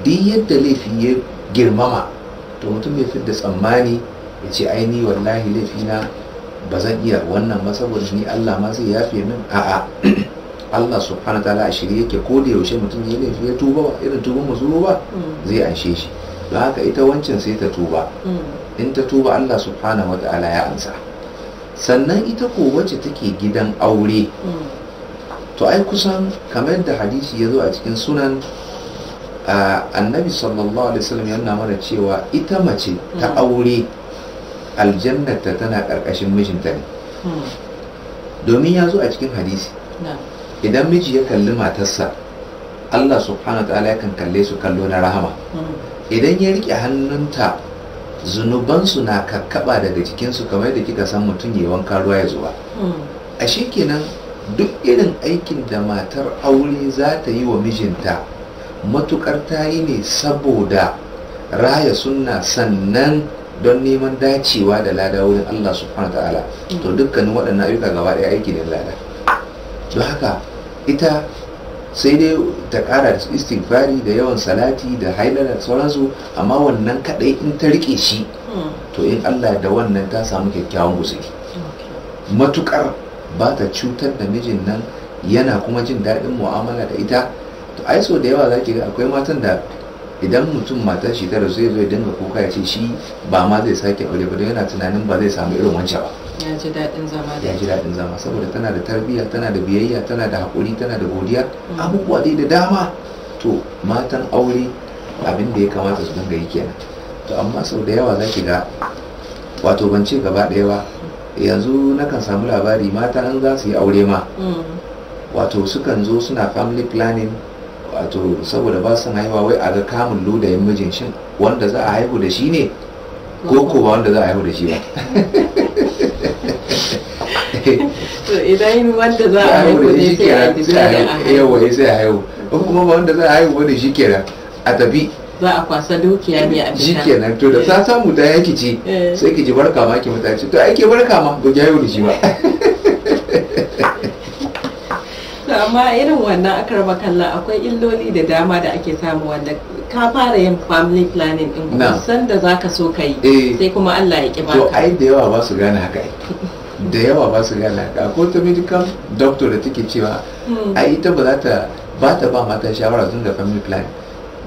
duk yadda laifi ya girmama to mutum ya da tsammani ya ce aini wallahi laifina ba zan iya wannan ba saboda ni Allah ma zai yafe min a'a Allah subhanahu wa ta'ala a shirye yake ko da yaushe mutum ne laifi ya tuba irin tuban musulmi ba mm. zai anshe shi don haka ita wancan sai ta tuba mm. in ta tuba Allah subhanahu wa ta'ala ya ansa sannan ita ko wacce take gidan aure mm. to ai kusan kamar da hadisi ya zo a cikin sunan annabi sallallahu alaihi wasallam yana mana cewa ita mace ta aure aljannata tana ƙarƙashin mijinta ne domin ya zo a cikin hadisi idan miji ya kalli matarsa Allah subhanahu ta'ala yakan kalle su kallo na rahama idan ya rike hannunta zunubansu na kakkaba daga jikinsu kamar da kika san mutum ya wanka ruwa ya zuba a kenan duk irin aikin da matar aure za ta yi wa mijinta matukar ta yi ne saboda raya sunna sannan don neman dacewa da lada wurin Allah subhanahu ta'ala to dukkanin waɗannan ayyuka gaba ɗaya aiki ne lada don haka ita sai dai ta kara da istighfari da yawan salati da hailar da sauransu amma wannan kadai in ta rike shi to in Allah da wannan ta samu kyakkyawan guzuri matukar ba ta cutar da mijin nan yana kuma jin daɗin mu'amala da ita to ai so da yawa za ki ga akwai matan da idan mutum mata shi ta rasu zai zo ya dinga kuka ya ce shi ba ma zai sake aure ba don yana tunanin ba zai samu irin wancan ba ya ji daɗin zama ya saboda tana da tarbiyya tana da biyayya tana da haƙuri tana da godiya abubuwa dai da dama to matan aure abin da ya kamata su dinga yi kenan to amma sau da yawa za ki ga wato ban ce gaba ɗaya ba yanzu nakan samu labari mata an za su yi aure ma mm. wato sukan zo suna family planning wato saboda ba su haihuwa wai a ga kamun ludayin mijin shin wanda za a haihu da shi ne ko ko wanda za a haihu da shi ba mm. to idan wanda za a haihu ne yi sai a haihu in kuma ba wanda za a haihu ne shi kenan a tafi za a kwasa dukiya ne a fita shi kenan to da ta samu ta yaki ce eh. sai ki ji barka ma ki mata ce to ake barka ma ba ki haihu da shi ba amma irin wannan raba kallon akwai illoli da dama da ake samu wanda ka fara yin family planning din kusan da ka so ka yi eh. sai kuma Allah ya ki baka to ai da yawa ba su gane haka da yawa ba su gane da ko ta medical doctor da take cewa hmm. a ita ba za ta ba ta ba mata shawara tun da family plan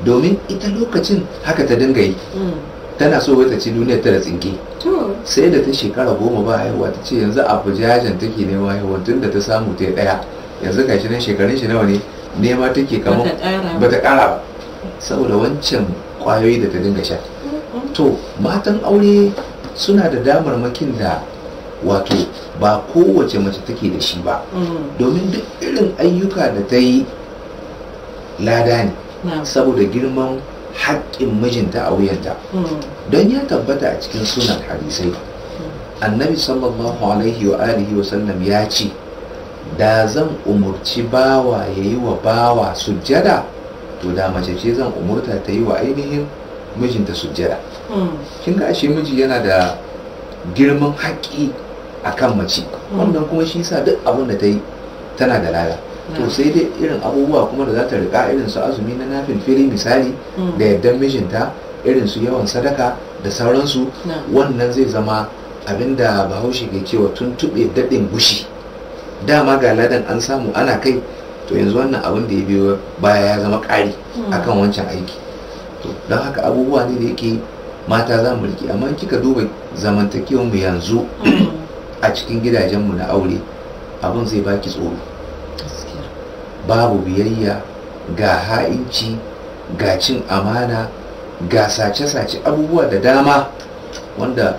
domin ita lokacin haka ta dinga yi hmm. tana so wata ci duniya ta da tsinke sai da ta shekara goma ba haihuwa ta ce yanzu abu jajen take nema haihuwa tun da ta samu ta daya yanzu ga shi nan shekarun shi nawa ne nema take kamar ba ta kara ba saboda wancan kwayoyi da ta dinga sha to matan aure suna da damarmakin da wato ba kowace mace take da shi ba mm. domin duk irin ayyuka da ta yi lada ne saboda girman haƙƙin mijinta a wuyanta mm. don ya tabbata a cikin sunan hadisai mm. annabi sallallahu alaihi wa alihi wa sallam ya ce da zan umurci bawa ya yi wa bawa sujjada to da mace ce zan umurta ta yi wa ainihin mijinta sujjada kin ga ashe miji yana da girman haƙƙi akan mace hmm. wannan kuma shi sa duk abin da ta yi tana da lada to hmm. sai dai irin abubuwa kuma da za ta riƙa irin su azumi na nafin fili misali hmm. da yardan mijinta irin su yawan sadaka da sauransu wannan zai zama abin da bahaushe ke cewa tun tuntuɓe daɗin gushi dama ga ladan an samu ana kai to yanzu wannan abin da ya biyo baya ya zama ƙari akan wancan aiki to don haka abubuwa ne da yake mata za mu riki amma kika duba zamantakewar mu yanzu a cikin gidajenmu na aure abin zai baki tsoro babu biyayya ga ha'inci ga cin amana ga sace-sace abubuwa da dama wanda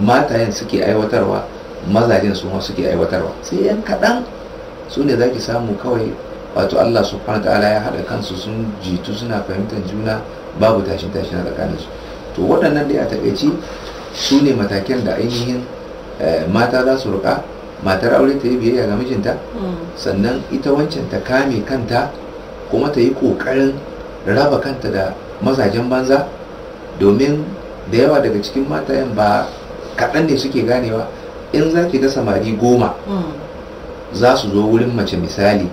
matayen suke aiwatarwa mazajen su ma suke aiwatarwa sai yan kaɗan su ne za ki samu kawai wato allah subhanahu ta'ala ya haɗa kansu sun jitu suna fahimtar juna babu tashin tashin a tsakaninsu to waɗannan dai a taƙaice su ne matakin da ainihin Eh, mata za su ruka matar aure ta yi biyayya ga mijinta hmm. sannan ita wancan ta kame kanta kuma ta yi ƙoƙarin raba kanta da mazajen banza domin da yawa daga cikin matayen ba kaɗan ne suke ganewa in za ki ga samari goma hmm. za su zo wurin mace misali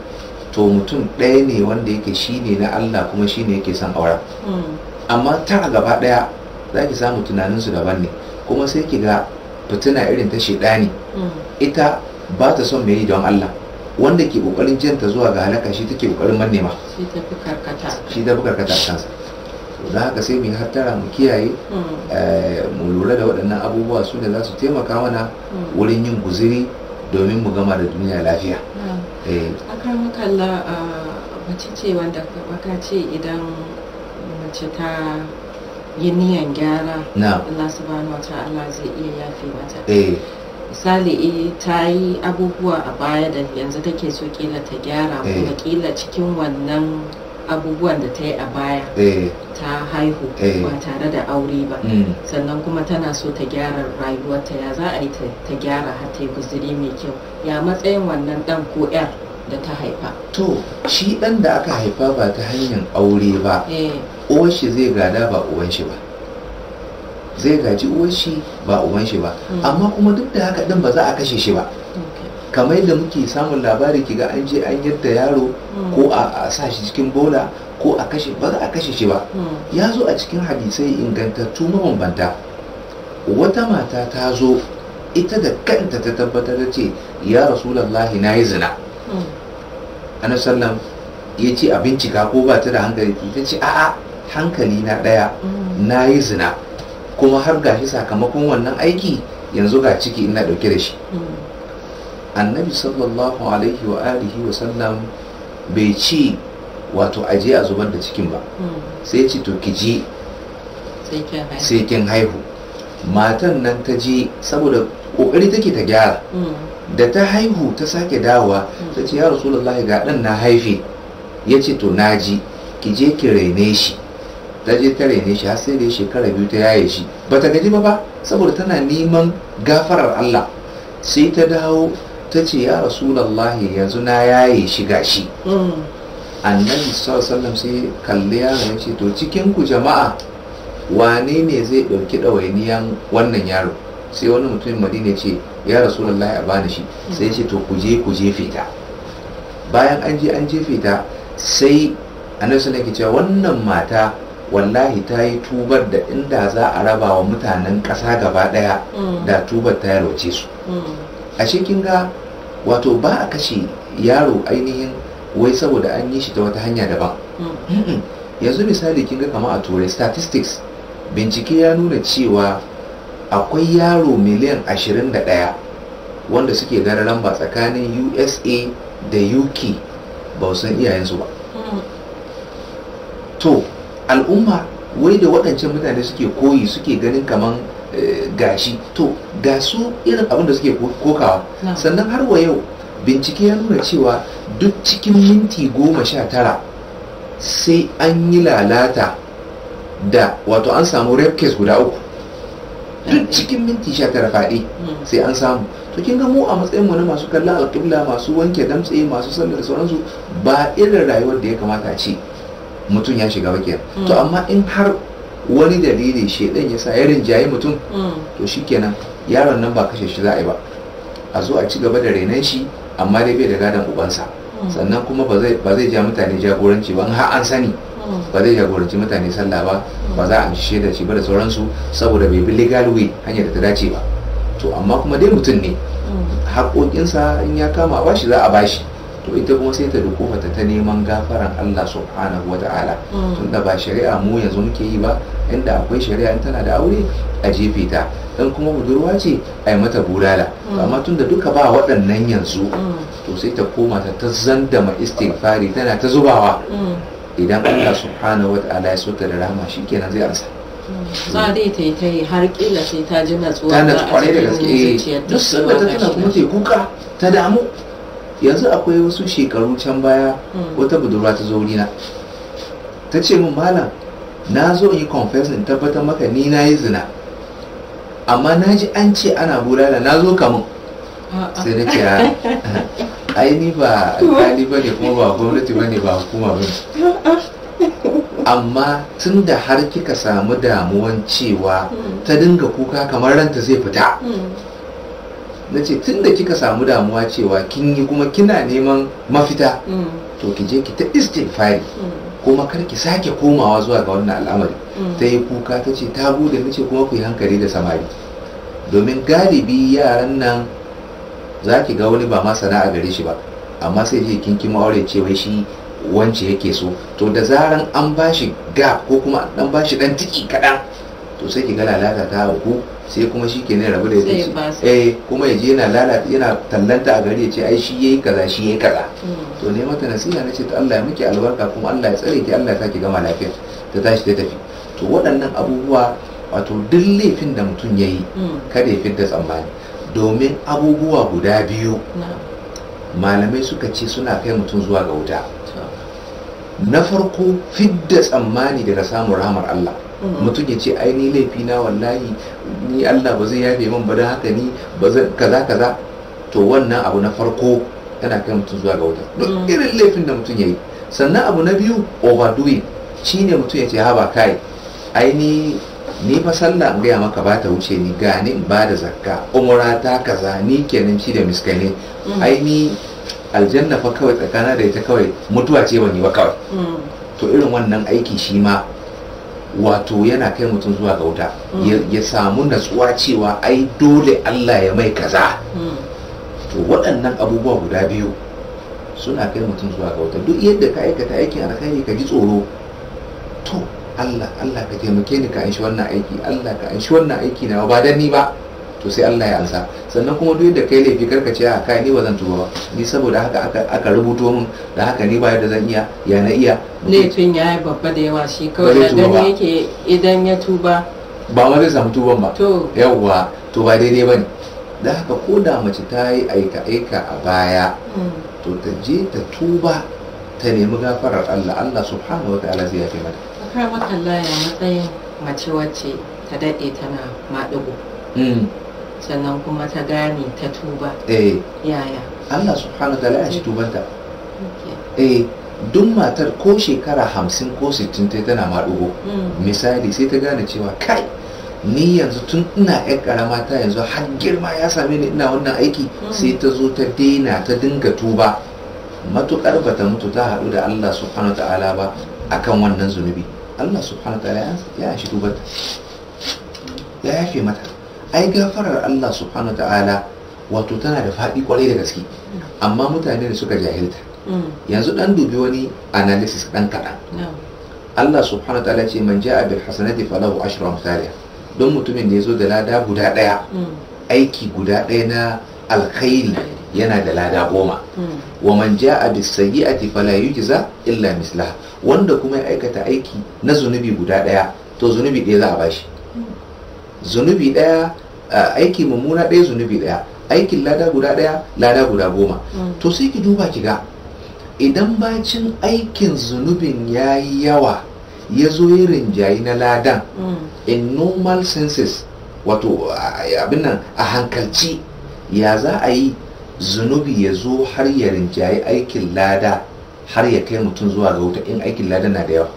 to mutum ɗaya ne wanda yake shi ne na Allah kuma shi ne yake son auren hmm. amma tara gaba ɗaya za ki samu tunaninsu daban ne kuma sai ki ga fitina irin ta ɗani. Mm. ita ba ta son mai yi don Allah wanda ke kokarin ta zuwa ga halaka shi take kokarin nema. shi ta fi karkata shi ta fi karkata kansa haka sai mu hattara mu kiyaye mm. eh, mu lura da waɗannan abubuwa su ne za su taimaka mana mm. wurin yin guziri domin mu gama da duniya lafiya eh. akan ah, mace ce wanda ce idan mace ta yi niyan gyara Allah subhanahu wa ta'ala zai iya yafe mata eh. misali eh ta yi abubuwa a baya da yanzu take so kila ta gyara eh. kuma kila cikin wannan abubuwan da ta yi a baya eh. ta haihu ba tare da aure ba hmm. sannan kuma tana so ta gyara rayuwarta ya za a yi ta gyara har ta yi guzuri mai kyau ya matsayin wannan dan ko yar da ta haifa to shi ɗan da aka haifa ba ta hanyar aure ba eh. Uwan shi zai gada ba uwan shi ba zai gaji uwan shi ba uwan shi ba hmm. amma kuma duk da haka ɗin ba za a kashe shi ba kamar da muke samun labari ki ga an je an yadda yaro hmm. ko a sa shi cikin bola ko a kashe ba za a kashe shi ba hmm. ya zo a cikin hadisai ingantattu mabambanta wata mata ta zo ita da kanta ta tabbatar da ce ya rasulallahi na yi zina Mm. ana sallam ya ce a bincika ko ba ta da hankali ta ce a'a hankali na ɗaya mm. na yi zina kuma har gashi sakamakon wannan aiki yanzu ga ciki ina ɗauke da shi mm. annabi sallallahu alaihi wa alihi wa sallam bai ci wato aje a zubar da cikin ba sai ci to ki je sai kin haihu matan nan ta je saboda kokari take ta gyara da ta haihu ta sake dawa ta ce ya rasulullahi ga dan na haife ya ce to naji ki je ki raine shi ta je ta raine shi har sai da shekara biyu ta yaye shi ba ta gaji ba ba saboda tana neman gafarar Allah sai ta dawo ta ce ya rasulullahi yanzu na yaye shi gashi mm. annabi sallallahu sai kalli yaron ya ce to cikin ku jama'a wane ne zai ɗauki ɗawainiyan wannan yaro sai wani mutumin madina ya ce ya rasulullahi a bani shi sai ce to kuje je ku jefe ta bayan an je an jefe ta sai annabi sallallahu cewa wannan mata wallahi ta yi tubar da inda za a raba wa mutanen ƙasa gaba ɗaya mm. da tubar ta yarwace su mm. a cikin ga wato ba a kashe yaro ainihin wai saboda an yi shi ta wata hanya daban mm. yanzu misali kinga ga kama a turai statistics bincike ya nuna cewa akwai yaro miliyan 21 wanda suke gara lamba tsakanin usa da uk ba san iyayensu ba hmm. to al'umma wai da waɗancan mutane suke koyi suke ganin kaman eh, gashi to ga su irin abin da suke kokawa sannan har wa yau bincike ya nuna cewa duk cikin minti goma sha tara sai an yi lalata da wato an samu rape case guda uku duk cikin minti sha tara faɗi sai an samu to kin ga mu a matsayin mu na masu kallon alƙibla masu wanke damtse masu sallar da sauransu ba irin rayuwar da ya kamata a ce mutum ya shiga bakiyar to mm. amma in har wani dalili shaidan ya sa ya rinjaye mutum mm. to shi kenan yaron nan ba kashe shi za a yi ba a zo a ci gaba da renon shi amma dai bai da gadon ubansa mm. sannan kuma ba zai ja mutane jagoranci ba har an sani ba zai jagoranci mutane sallah ba ba za a amshe shaida shi ba da sauransu saboda bai bi legal way hanyar da ta dace ba to amma kuma dai mutum ne haƙoƙinsa in ya kama a bashi za a bashi to ita kuma sai ta dukufata ta neman gafaran Allah subhanahu wa ta'ala mm. tunda ba shari'a mu yanzu muke yi ba inda akwai shari'a in tana da aure a jefe ta dan kuma budurwa ce a yi mata bulala mm. amma da duka ba waɗannan yanzu mm. to sai ta koma ta ta ma istighfari tana ta zubawa idan Allah subhanahu wa ta'ala ya so ta da rahama shikenan zai ansa za dai ta yi ta yi har kila sai ta ji natsuwa ta kwarai da gaske duk sanda ta tana kuma ta kuka ta damu yanzu akwai wasu shekaru can baya hmm. wata budurwa ta zo wurina ta ce min malam na zo yi confession tabbatar maka ni na yi zina amma na ji an ce ana bulala na zo kamun sai na ce ai ni ba alƙali ba ne kuma ba gwamnati ba ne ba hukuma ba amma tun da har kika samu damuwan cewa ta dinga kuka kamar ranta zai fita na ce tun da kika samu damuwa cewa kin yi kuma kina neman mafita to ki je ki ta istighfari kuma kar ki sake komawa zuwa ga wannan al'amari ta yi kuka ta ce ta gode na ce kuma ku yi hankali da samari domin galibi yaran nan za ki ga wani ba ma sana'a gare shi ba amma sai je kinkin aure ce wai shi wance yake so to da zaran an ba shi ga ko kuma dan ba shi dan tiki kaɗan to sai ki ga lalata ta ku sai kuma shi ke ne rabu da ya eh kuma ya yana lalata yana tallanta a gare ya ce ai shi yayi kaza shi yayi kaza mm. to ne mata nasiha na ce ta Allah ya miki albarka kuma Allah ya tsare ki Allah ya saki gama lafiya ta tashi ta tafi to waɗannan abubuwa wato duk laifin da mutum yayi mm. kada ya fidda tsammani domin abubuwa guda biyu malamai suka ce suna kai mutum zuwa ga wuta na farko fidda tsammani daga samun rahamar Allah mm. mutum ya ce ai ni laifi na wallahi ni Allah ba zai yafe min ba da haka ni ba kaza kaza to wannan abu na farko yana kai mutum zuwa ga wuta duk mm. irin laifin da mutum ya yi sannan abu na biyu overdoing ne mutum ya ce haba kai ai ni ni fa sallah in gaya maka ba ta wuce ni gani in ba da zakka umura ta kaza ni kenan shi da miskani mm. ai ni aljanna fa kawai tsakana da ita kawai mutuwa ce ban yi ba kawai mm. to irin wannan aiki shi ma wato yana kai mutum zuwa ga wuta mm. ya samu natsuwa cewa ai dole Allah ya mai kaza to waɗannan abubuwa guda biyu suna kai mutum zuwa ga wuta duk yadda ka aikata aikin alkhairi ka ji tsoro to Allah Allah ka taimake ni ka shi wannan aiki Allah ka shi wannan aiki na ba dan ni ba to sai Allah ya ansa sannan kuma duk da kai laifi karka ce a ah, kai ni ba zan tuba ba ni saboda haka aka aka rubuto min da haka ni ba yadda zan iya ya na iya ne ya yi babba da yawa shi kawai da ne yake idan ya tuba ba ma zai samu tuban ba to yawwa to ba daidai bane da haka ko da mace ta yi aika aika a baya mm. to ta je ta tuba ta nemi gafarar Allah Allah subhanahu wa ta'ala zai yafe mata akramak laya matsayin mace wacce ta daɗe tana maɗigo mm. sannan kuma ta gane ta tuba eh. yaya Allah subhanahu ta'ala ya ci tubanta eh duk matar ko shekara hamsin ko sittin ta tana maɗigo mm. misali sai ta gane cewa kai ni yanzu tun ina yan karama ta yanzu har girma ya same ni ina wannan aiki mm. sai ta zo ta daina ta dinga tuba matuƙar bata mutu ta haɗu da Allah subhanahu ta'ala ba akan wannan zunubi Allah subhanahu ta'ala ya shi dubar ya yafe mata ai gafarar Allah subhanahu ta'ala wato tana da faɗi kwarai da gaske amma mutane da suka jahilta mm. yanzu dan dubi wani analysis dan kaɗan Allah subhanahu ta'ala ce man ja'a bil hasanati falahu ashru amsalih don mutumin da ya zo da lada guda ɗaya mm. aiki guda ɗaya na alkhairi yana da lada goma hmm. wa man ja'a bis sayyi'ati fala yujza illa misla wanda kuma ya aikata aiki na zunubi guda daya to zunubi daya za a bashi hmm. zunubi daya aiki mummuna daya zunubi daya aikin lada guda daya lada guda goma hmm. to sai ki duba ki ga idan bacin aikin zunubin ya yi yawa ya zo yi rinjayi na ladan in normal senses wato abin nan a hankalci ya za a yi zunubi ya zo har ya rinjaye aikin lada har ya kai mutum zuwa ga wuta in aikin lada na da yawa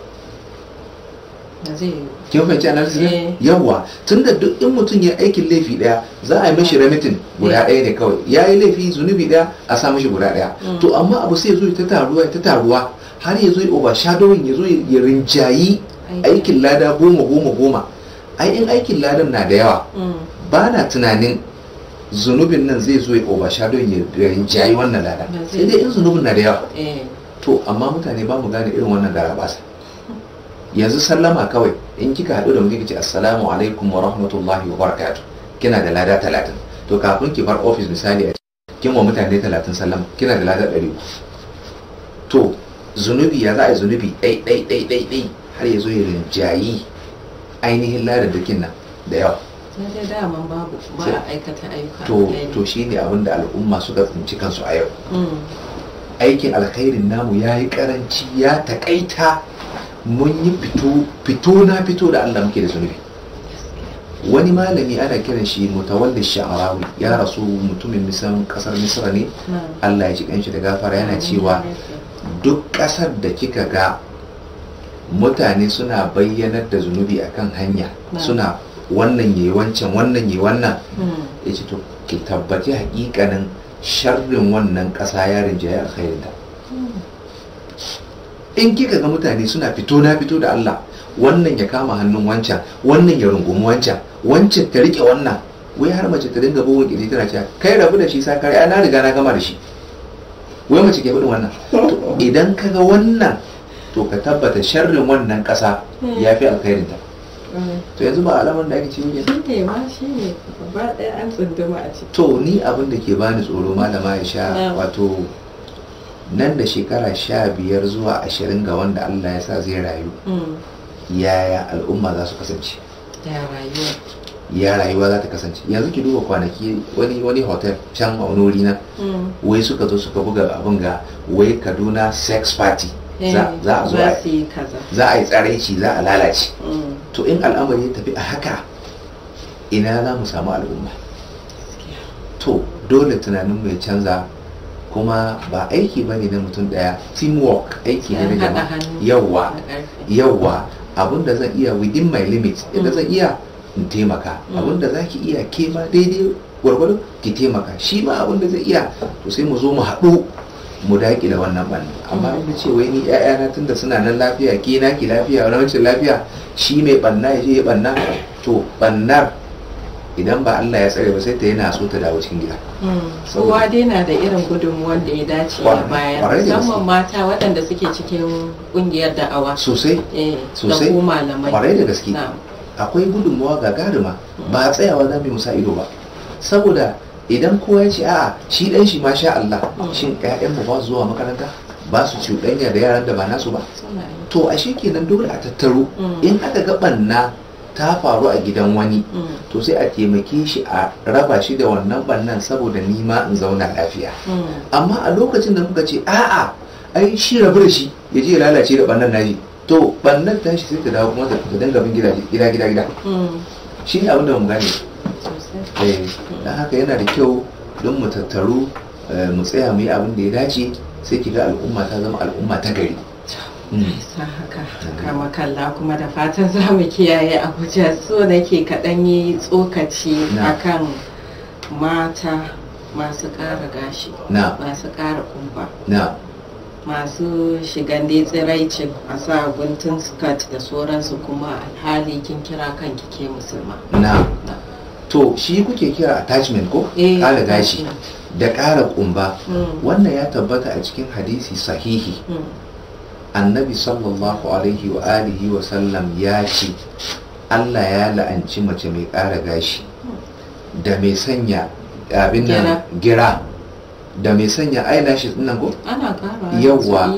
kin fahimci analysis ne yawa tunda duk in mutum ya aikin laifi daya za a yi mishi remitin guda daya ne kawai ya yi laifi zunubi daya a sa mishi guda daya mm. to amma abu sai ya zo ta taruwa ta taruwa har ya zo ya overshadowing ya zo ya rinjayi aikin lada goma goma goma ai in aikin ladan na da yawa mm. ba na tunanin zunubin nan zai zo ya overshadow ya jayi wannan lada sai dai in zunubin na da yawa eh. to amma mutane ba mu gane irin wannan gara basa yanzu sallama kawai in kika haɗu da mutum kici assalamu alaikum wa rahmatullahi wa barakatuh kina da lada talatin to kafin ki bar ofis misali a kin wa mutane talatin sallama kina da lada ɗari to zunubi ya za a yi zunubi ɗai ɗai ɗai ɗai har ya zo ya rinjayi ainihin ladar dukin nan da yawa to to shine abin da al'umma suka tsinci kansu a yau mm. aikin alkhairin namu ya yi karanci ya takaita mun yi fito na fito da allah muke da zunubi wani malami ana kiran shi mutawalli sha'arawi ya rasu mutumin misan kasar misra ne mm. allah ya ji kanshi da gafara yana cewa duk kasar da kika ga mutane suna bayyanar da zunubi akan hanya mm. suna wannan yi wancan wannan yi wannan hmm. ya ce to ki tabbaci hakikanin sharrin wannan ƙasa ya rinjaye alkhairinta hmm. in kika ga mutane suna fito na fito da Allah wannan ya kama hannun wancan wannan ya rungumi wancan wancan ta rike wannan wai har mace ta dinga bugun kirji tana cewa kai rabu da shi sa kare na riga na gama da shi wai mace ke faɗin wannan idan ka ga wannan to ka tabbata sharrin wannan ƙasa hmm. ya fi alkhairinta to yanzu ba alamar da ake cikin yanzu shi ne ma shi ne ba ɗaya an tsunduma a ciki to ni abin da ke bani tsoro malama ya sha wato nan da shekara sha biyar zuwa ashirin ga wanda Allah ya sa zai rayu mm. yaya al'umma za su kasance ya rayuwa za ta kasance yanzu ki duba kwanaki wani wani hotel can a wani na mm. wai suka zo suka buga abin ga wai kaduna sex party Eh, za a zo yi tsaraici za a lalace mm. to in al'amari ya tafi a haka ina za mu samu al'umma to dole tunanin mai canza kuma ba aiki ba ne na mutum daya teamwork aiki ne na jama'a yawwa yawwa abinda zan iya within my limit idan mm. zan iya in taimaka mm. abinda za ki iya ke ma daidai gwargwado ki taimaka shi ma abinda zai iya to sai mu zo mu haɗu mu da wannan ban amma inda ce wai ni ƴaƴana tunda suna nan lafiya ke na ki lafiya wani wancan lafiya shi mai ɓanna ya je ya ɓanna to ɓannar idan ba Allah ya tsare ba sai ta yana so ta dawo cikin gida. Hmm. Kowa dai na da irin gudunmuwar da ya dace ya bayar musamman mata waɗanda suke cikin ƙungiyar da'awa. Sosai. Eh, sosai. Da malamai. Kwarai da gaske. Akwai gudunmuwa gagarima ba tsayawa za mu sa ido ba. Saboda idan kowa ya ce a shi dan shi ma sha Allah shin ƴaƴan mu ba su zuwa makaranta ba su cuɗanya da yaran da ba nasu ba to ashe kenan dole a tattaro mm. in aka ga banna ta faru a gidan wani mm. to sai a taimake shi a raba shi da wannan bannan saboda nima in zauna lafiya mm. amma a lokacin da muka ce a'a ai shi rabu da shi ya je lalace da bannan naji to bannan tashi sai ta dawo kuma ta dinga bin gida gida gida shi ne abin da mu gane Eh, don haka yana da kyau don mu tattaru eh, mu tsaya mu yi abin da ya dace sai ki ga al'umma ta zama al'umma ta gari mm. Mm. haka mm. kalla kuma da fatan za mu kiyaye abuja so nake kaɗan yi tsokaci akan mata masu ƙara gashi masu ƙara kumba masu shigan dai tsiraicin a sa guntun skirt da sauransu kuma alhali kin kira kanki ke musulma to shi kuke kira attachment ko eh, ƙara gashi da ƙara ƙumba mm. wannan ya tabbata a cikin hadisi sahihi mm. annabi sallallahu alaihi wa alihi wa sallam ya ce allah ya la'anci mace mai ƙara gashi da mai sanya abin nan gira da mai sanya eyelashes nan ko yawwa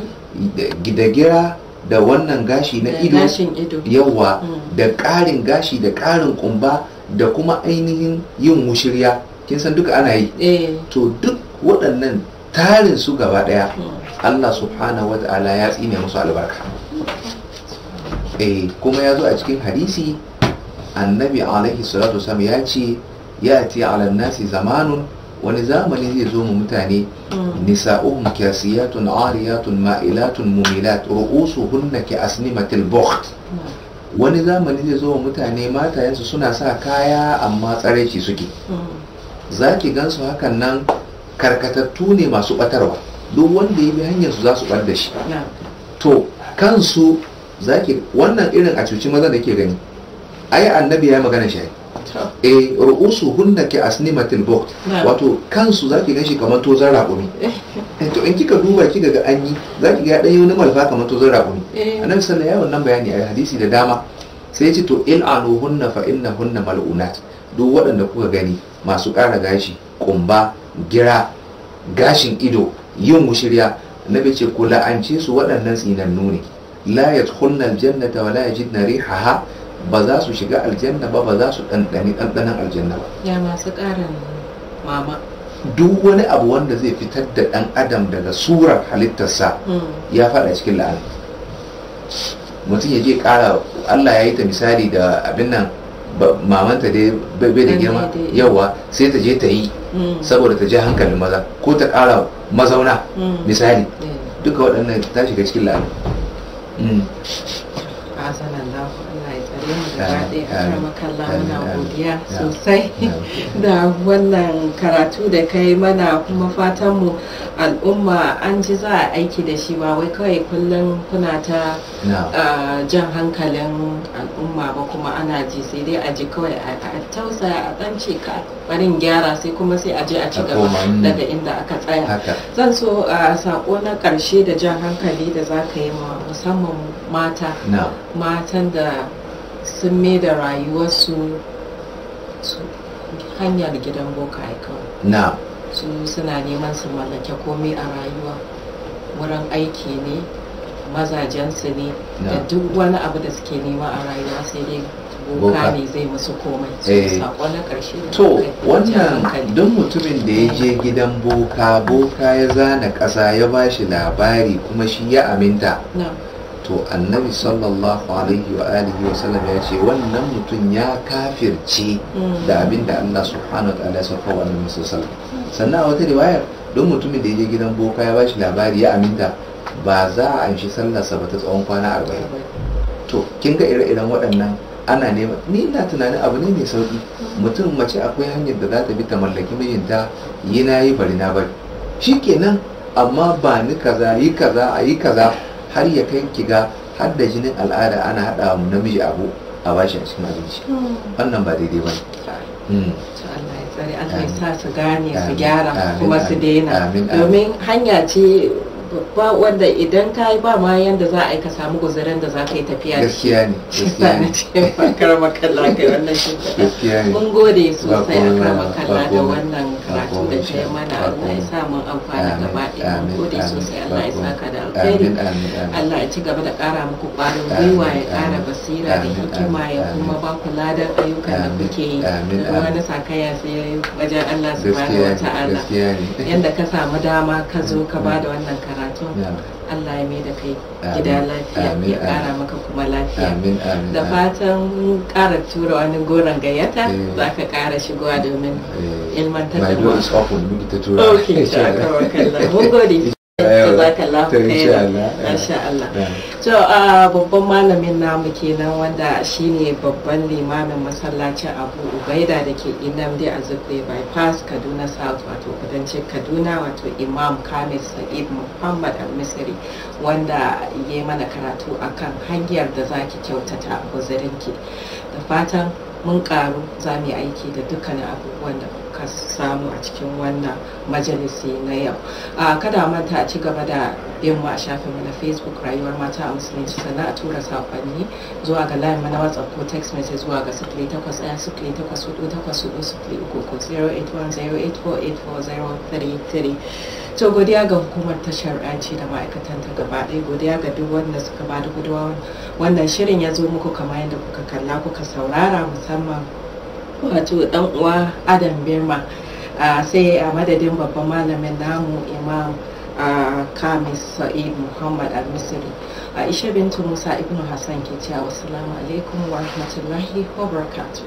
da gira da wannan gashi na ido yawwa mm. da ƙarin gashi da ƙarin ƙumba da kuma ainihin yin mushirya kin san duka ana yi eh. to duk waɗannan tarin su gaba ɗaya hmm. Allah subhanahu wata'ala ya tsine musu albarka eh kuma ya zo a cikin hadisi annabi alaihi salatu wasallam ya ce ya ti ala nasi zamanun wani zamani zai zo mu mutane hmm. nisa'uhum kasiyatun ariyatun ma'ilatun mumilat ru'usuhunna ka asnimatil bukht hmm. wani zamani zai zo wa mutane matayensu suna sa kaya amma tsaraici suke mm. za ki gansu hakan nan karkatattu ne masu batarwa duk wanda ya bi hanyar su za su bar da shi to kansu za ki, wannan irin a cuci maza da ke gani ai annabi ya magana shi eh ru'usu hunna ki asnimatil bukht wato kansu zaki gashi kamar tozan raƙumi eh. Eh, to in kika duba kika ga anyi yi zaki ga dan wani malfa kamar tozan raƙumi eh. annabi sallallahu alaihi wasallam bayani a hadisi da dama sai ya ce to il'anu hunna fa inna hunna mal'unat duk waɗanda kuka gani masu ƙara gashi kumba gira gashin ido yin wushirya nabi ce ku la'ance su waɗannan tsinannu ne la yadkhulna jannata wa la yajidna rihaha ba za su shiga aljanna ba ba za su ɗanɗani ɗanɗanan aljanna ba ya masu ƙarin mama duk wani abu wanda zai fitar da ɗan adam daga surar halittarsa hmm. ya faɗa cikin la'ana mutum ya je ƙara allah ya yi ta misali da abin nan mamanta dai bai da girma yauwa sai ta je ta yi hmm. saboda ta je hankalin maza ko ta ƙara mazauna hmm. misali duka waɗannan ta shiga cikin la'ana mu muna godiya sosai da wannan karatu da kai mana kuma fatan mu al'umma an ji za a aiki da shi ba wai kawai kullum kuna ta jan hankalin al'umma ba kuma ana ji sai dai a ji kawai a tausaya a ɗan ce ka barin gyara sai kuma sai a ji a ci gaba daga inda aka tsaya zan so a sako na ƙarshe da jan hankali da za ka yi ma musamman mata matan da sun mai da rayuwarsu hanyar gidan boka kawai na su suna neman su mallake komai a rayuwa wurin aiki ne mazajensu ne da duk wani abu da suke nema a rayuwa sai dai boka ne zai musu komai su eh. na karshe to wannan don mutumin da ya je gidan boka boka ya zana ƙasa ya ba shi labari kuma shi ya aminta na. to annabi sallallahu alaihi wa alihi wa sallam ya ce wannan mutum ya kafirce da abin da Allah subhanahu wa ta'ala ya sauka wa annabi sallallahu sannan a wata riwayar don mutumin da ya je gidan boka ya bashi labari ya aminta ba za a anshi sallarsa ba ta tsawon kwana arba'in to kin ga ire-iren waɗannan ana nema ni ina tunanin abu ne mai sauki mutum mace akwai hanyar da za ta bi ta mallaki mijinta yi na yi bari na bari shikenan amma ba ni kaza yi kaza a yi kaza har ya kai ki ga har da jinin al'ada ana haɗa mu namiji abu a bashi a cikin abinci oh. wannan ba daidai ba ne hmm. Allah ya tsare an ta sa su gane su gyara kuma su daina domin hanya ce ba wanda idan ka yi ba ma yanda za a yi ka samu guzurin da za ka yi tafiya da shi gaskiya ne gaskiya ne mun gode sosai a karamakalla da wannan karatu da ta yi mana Allah ya sa mun amfana gaba ɗaya mun gode sosai Allah ya saka da alkhairi Allah ya ci gaba da ƙara muku ƙwarin gwiwa ya ƙara basira da hikima ya kuma ba ku ladan ayyukan da kuke yi da wani sakaya sai wajen Allah subhanahu wa ta'ala yanda ka samu dama ka zo ka ba da wannan karatu bakin Allah ya mai da kai gida lafiya ya kara maka kuma lafiya da fatan kara tura wani goron gayyata eh. za ka kara shigowa domin eh. ilmantar da mu. Ok, shakar wakalla. Mun gode. Jazakallah. Masha Allah. to a babban malamin namu kenan wanda shine babban limamin masallacin abu ubaida da ke dai a zubbe bypass kaduna south wato kudancin kaduna wato imam kamil sa'id muhammad al-misri wanda ya yi mana karatu akan hanyar da za ki kyautata guzurinki da fatan mun karu za mu yi aiki da dukkanin abubuwan da muka samu a cikin wannan majalisi na yau kada manta a ci gaba da bin mu a shafin mu na facebook rayuwar mata a musulunci sannan a tura sakonni zuwa ga line mana whatsapp ko text message zuwa ga sifili takwas ɗaya 08108484033 to godiya ga hukumar tashar yanci da ma'aikatan ta gaba ɗaya godiya ga duk wanda suka ba da gudunmawa wannan shirin ya zo muku kamar yadda kuka kalla kuka saurara musamman wato dan uwa adam birma sai a madadin babban malamin namu imam kamis sa'id muhammad al-misri aisha bintu musa ibnu hassan ke cewa wasu alaikum wa rahmatullahi wa barakatuh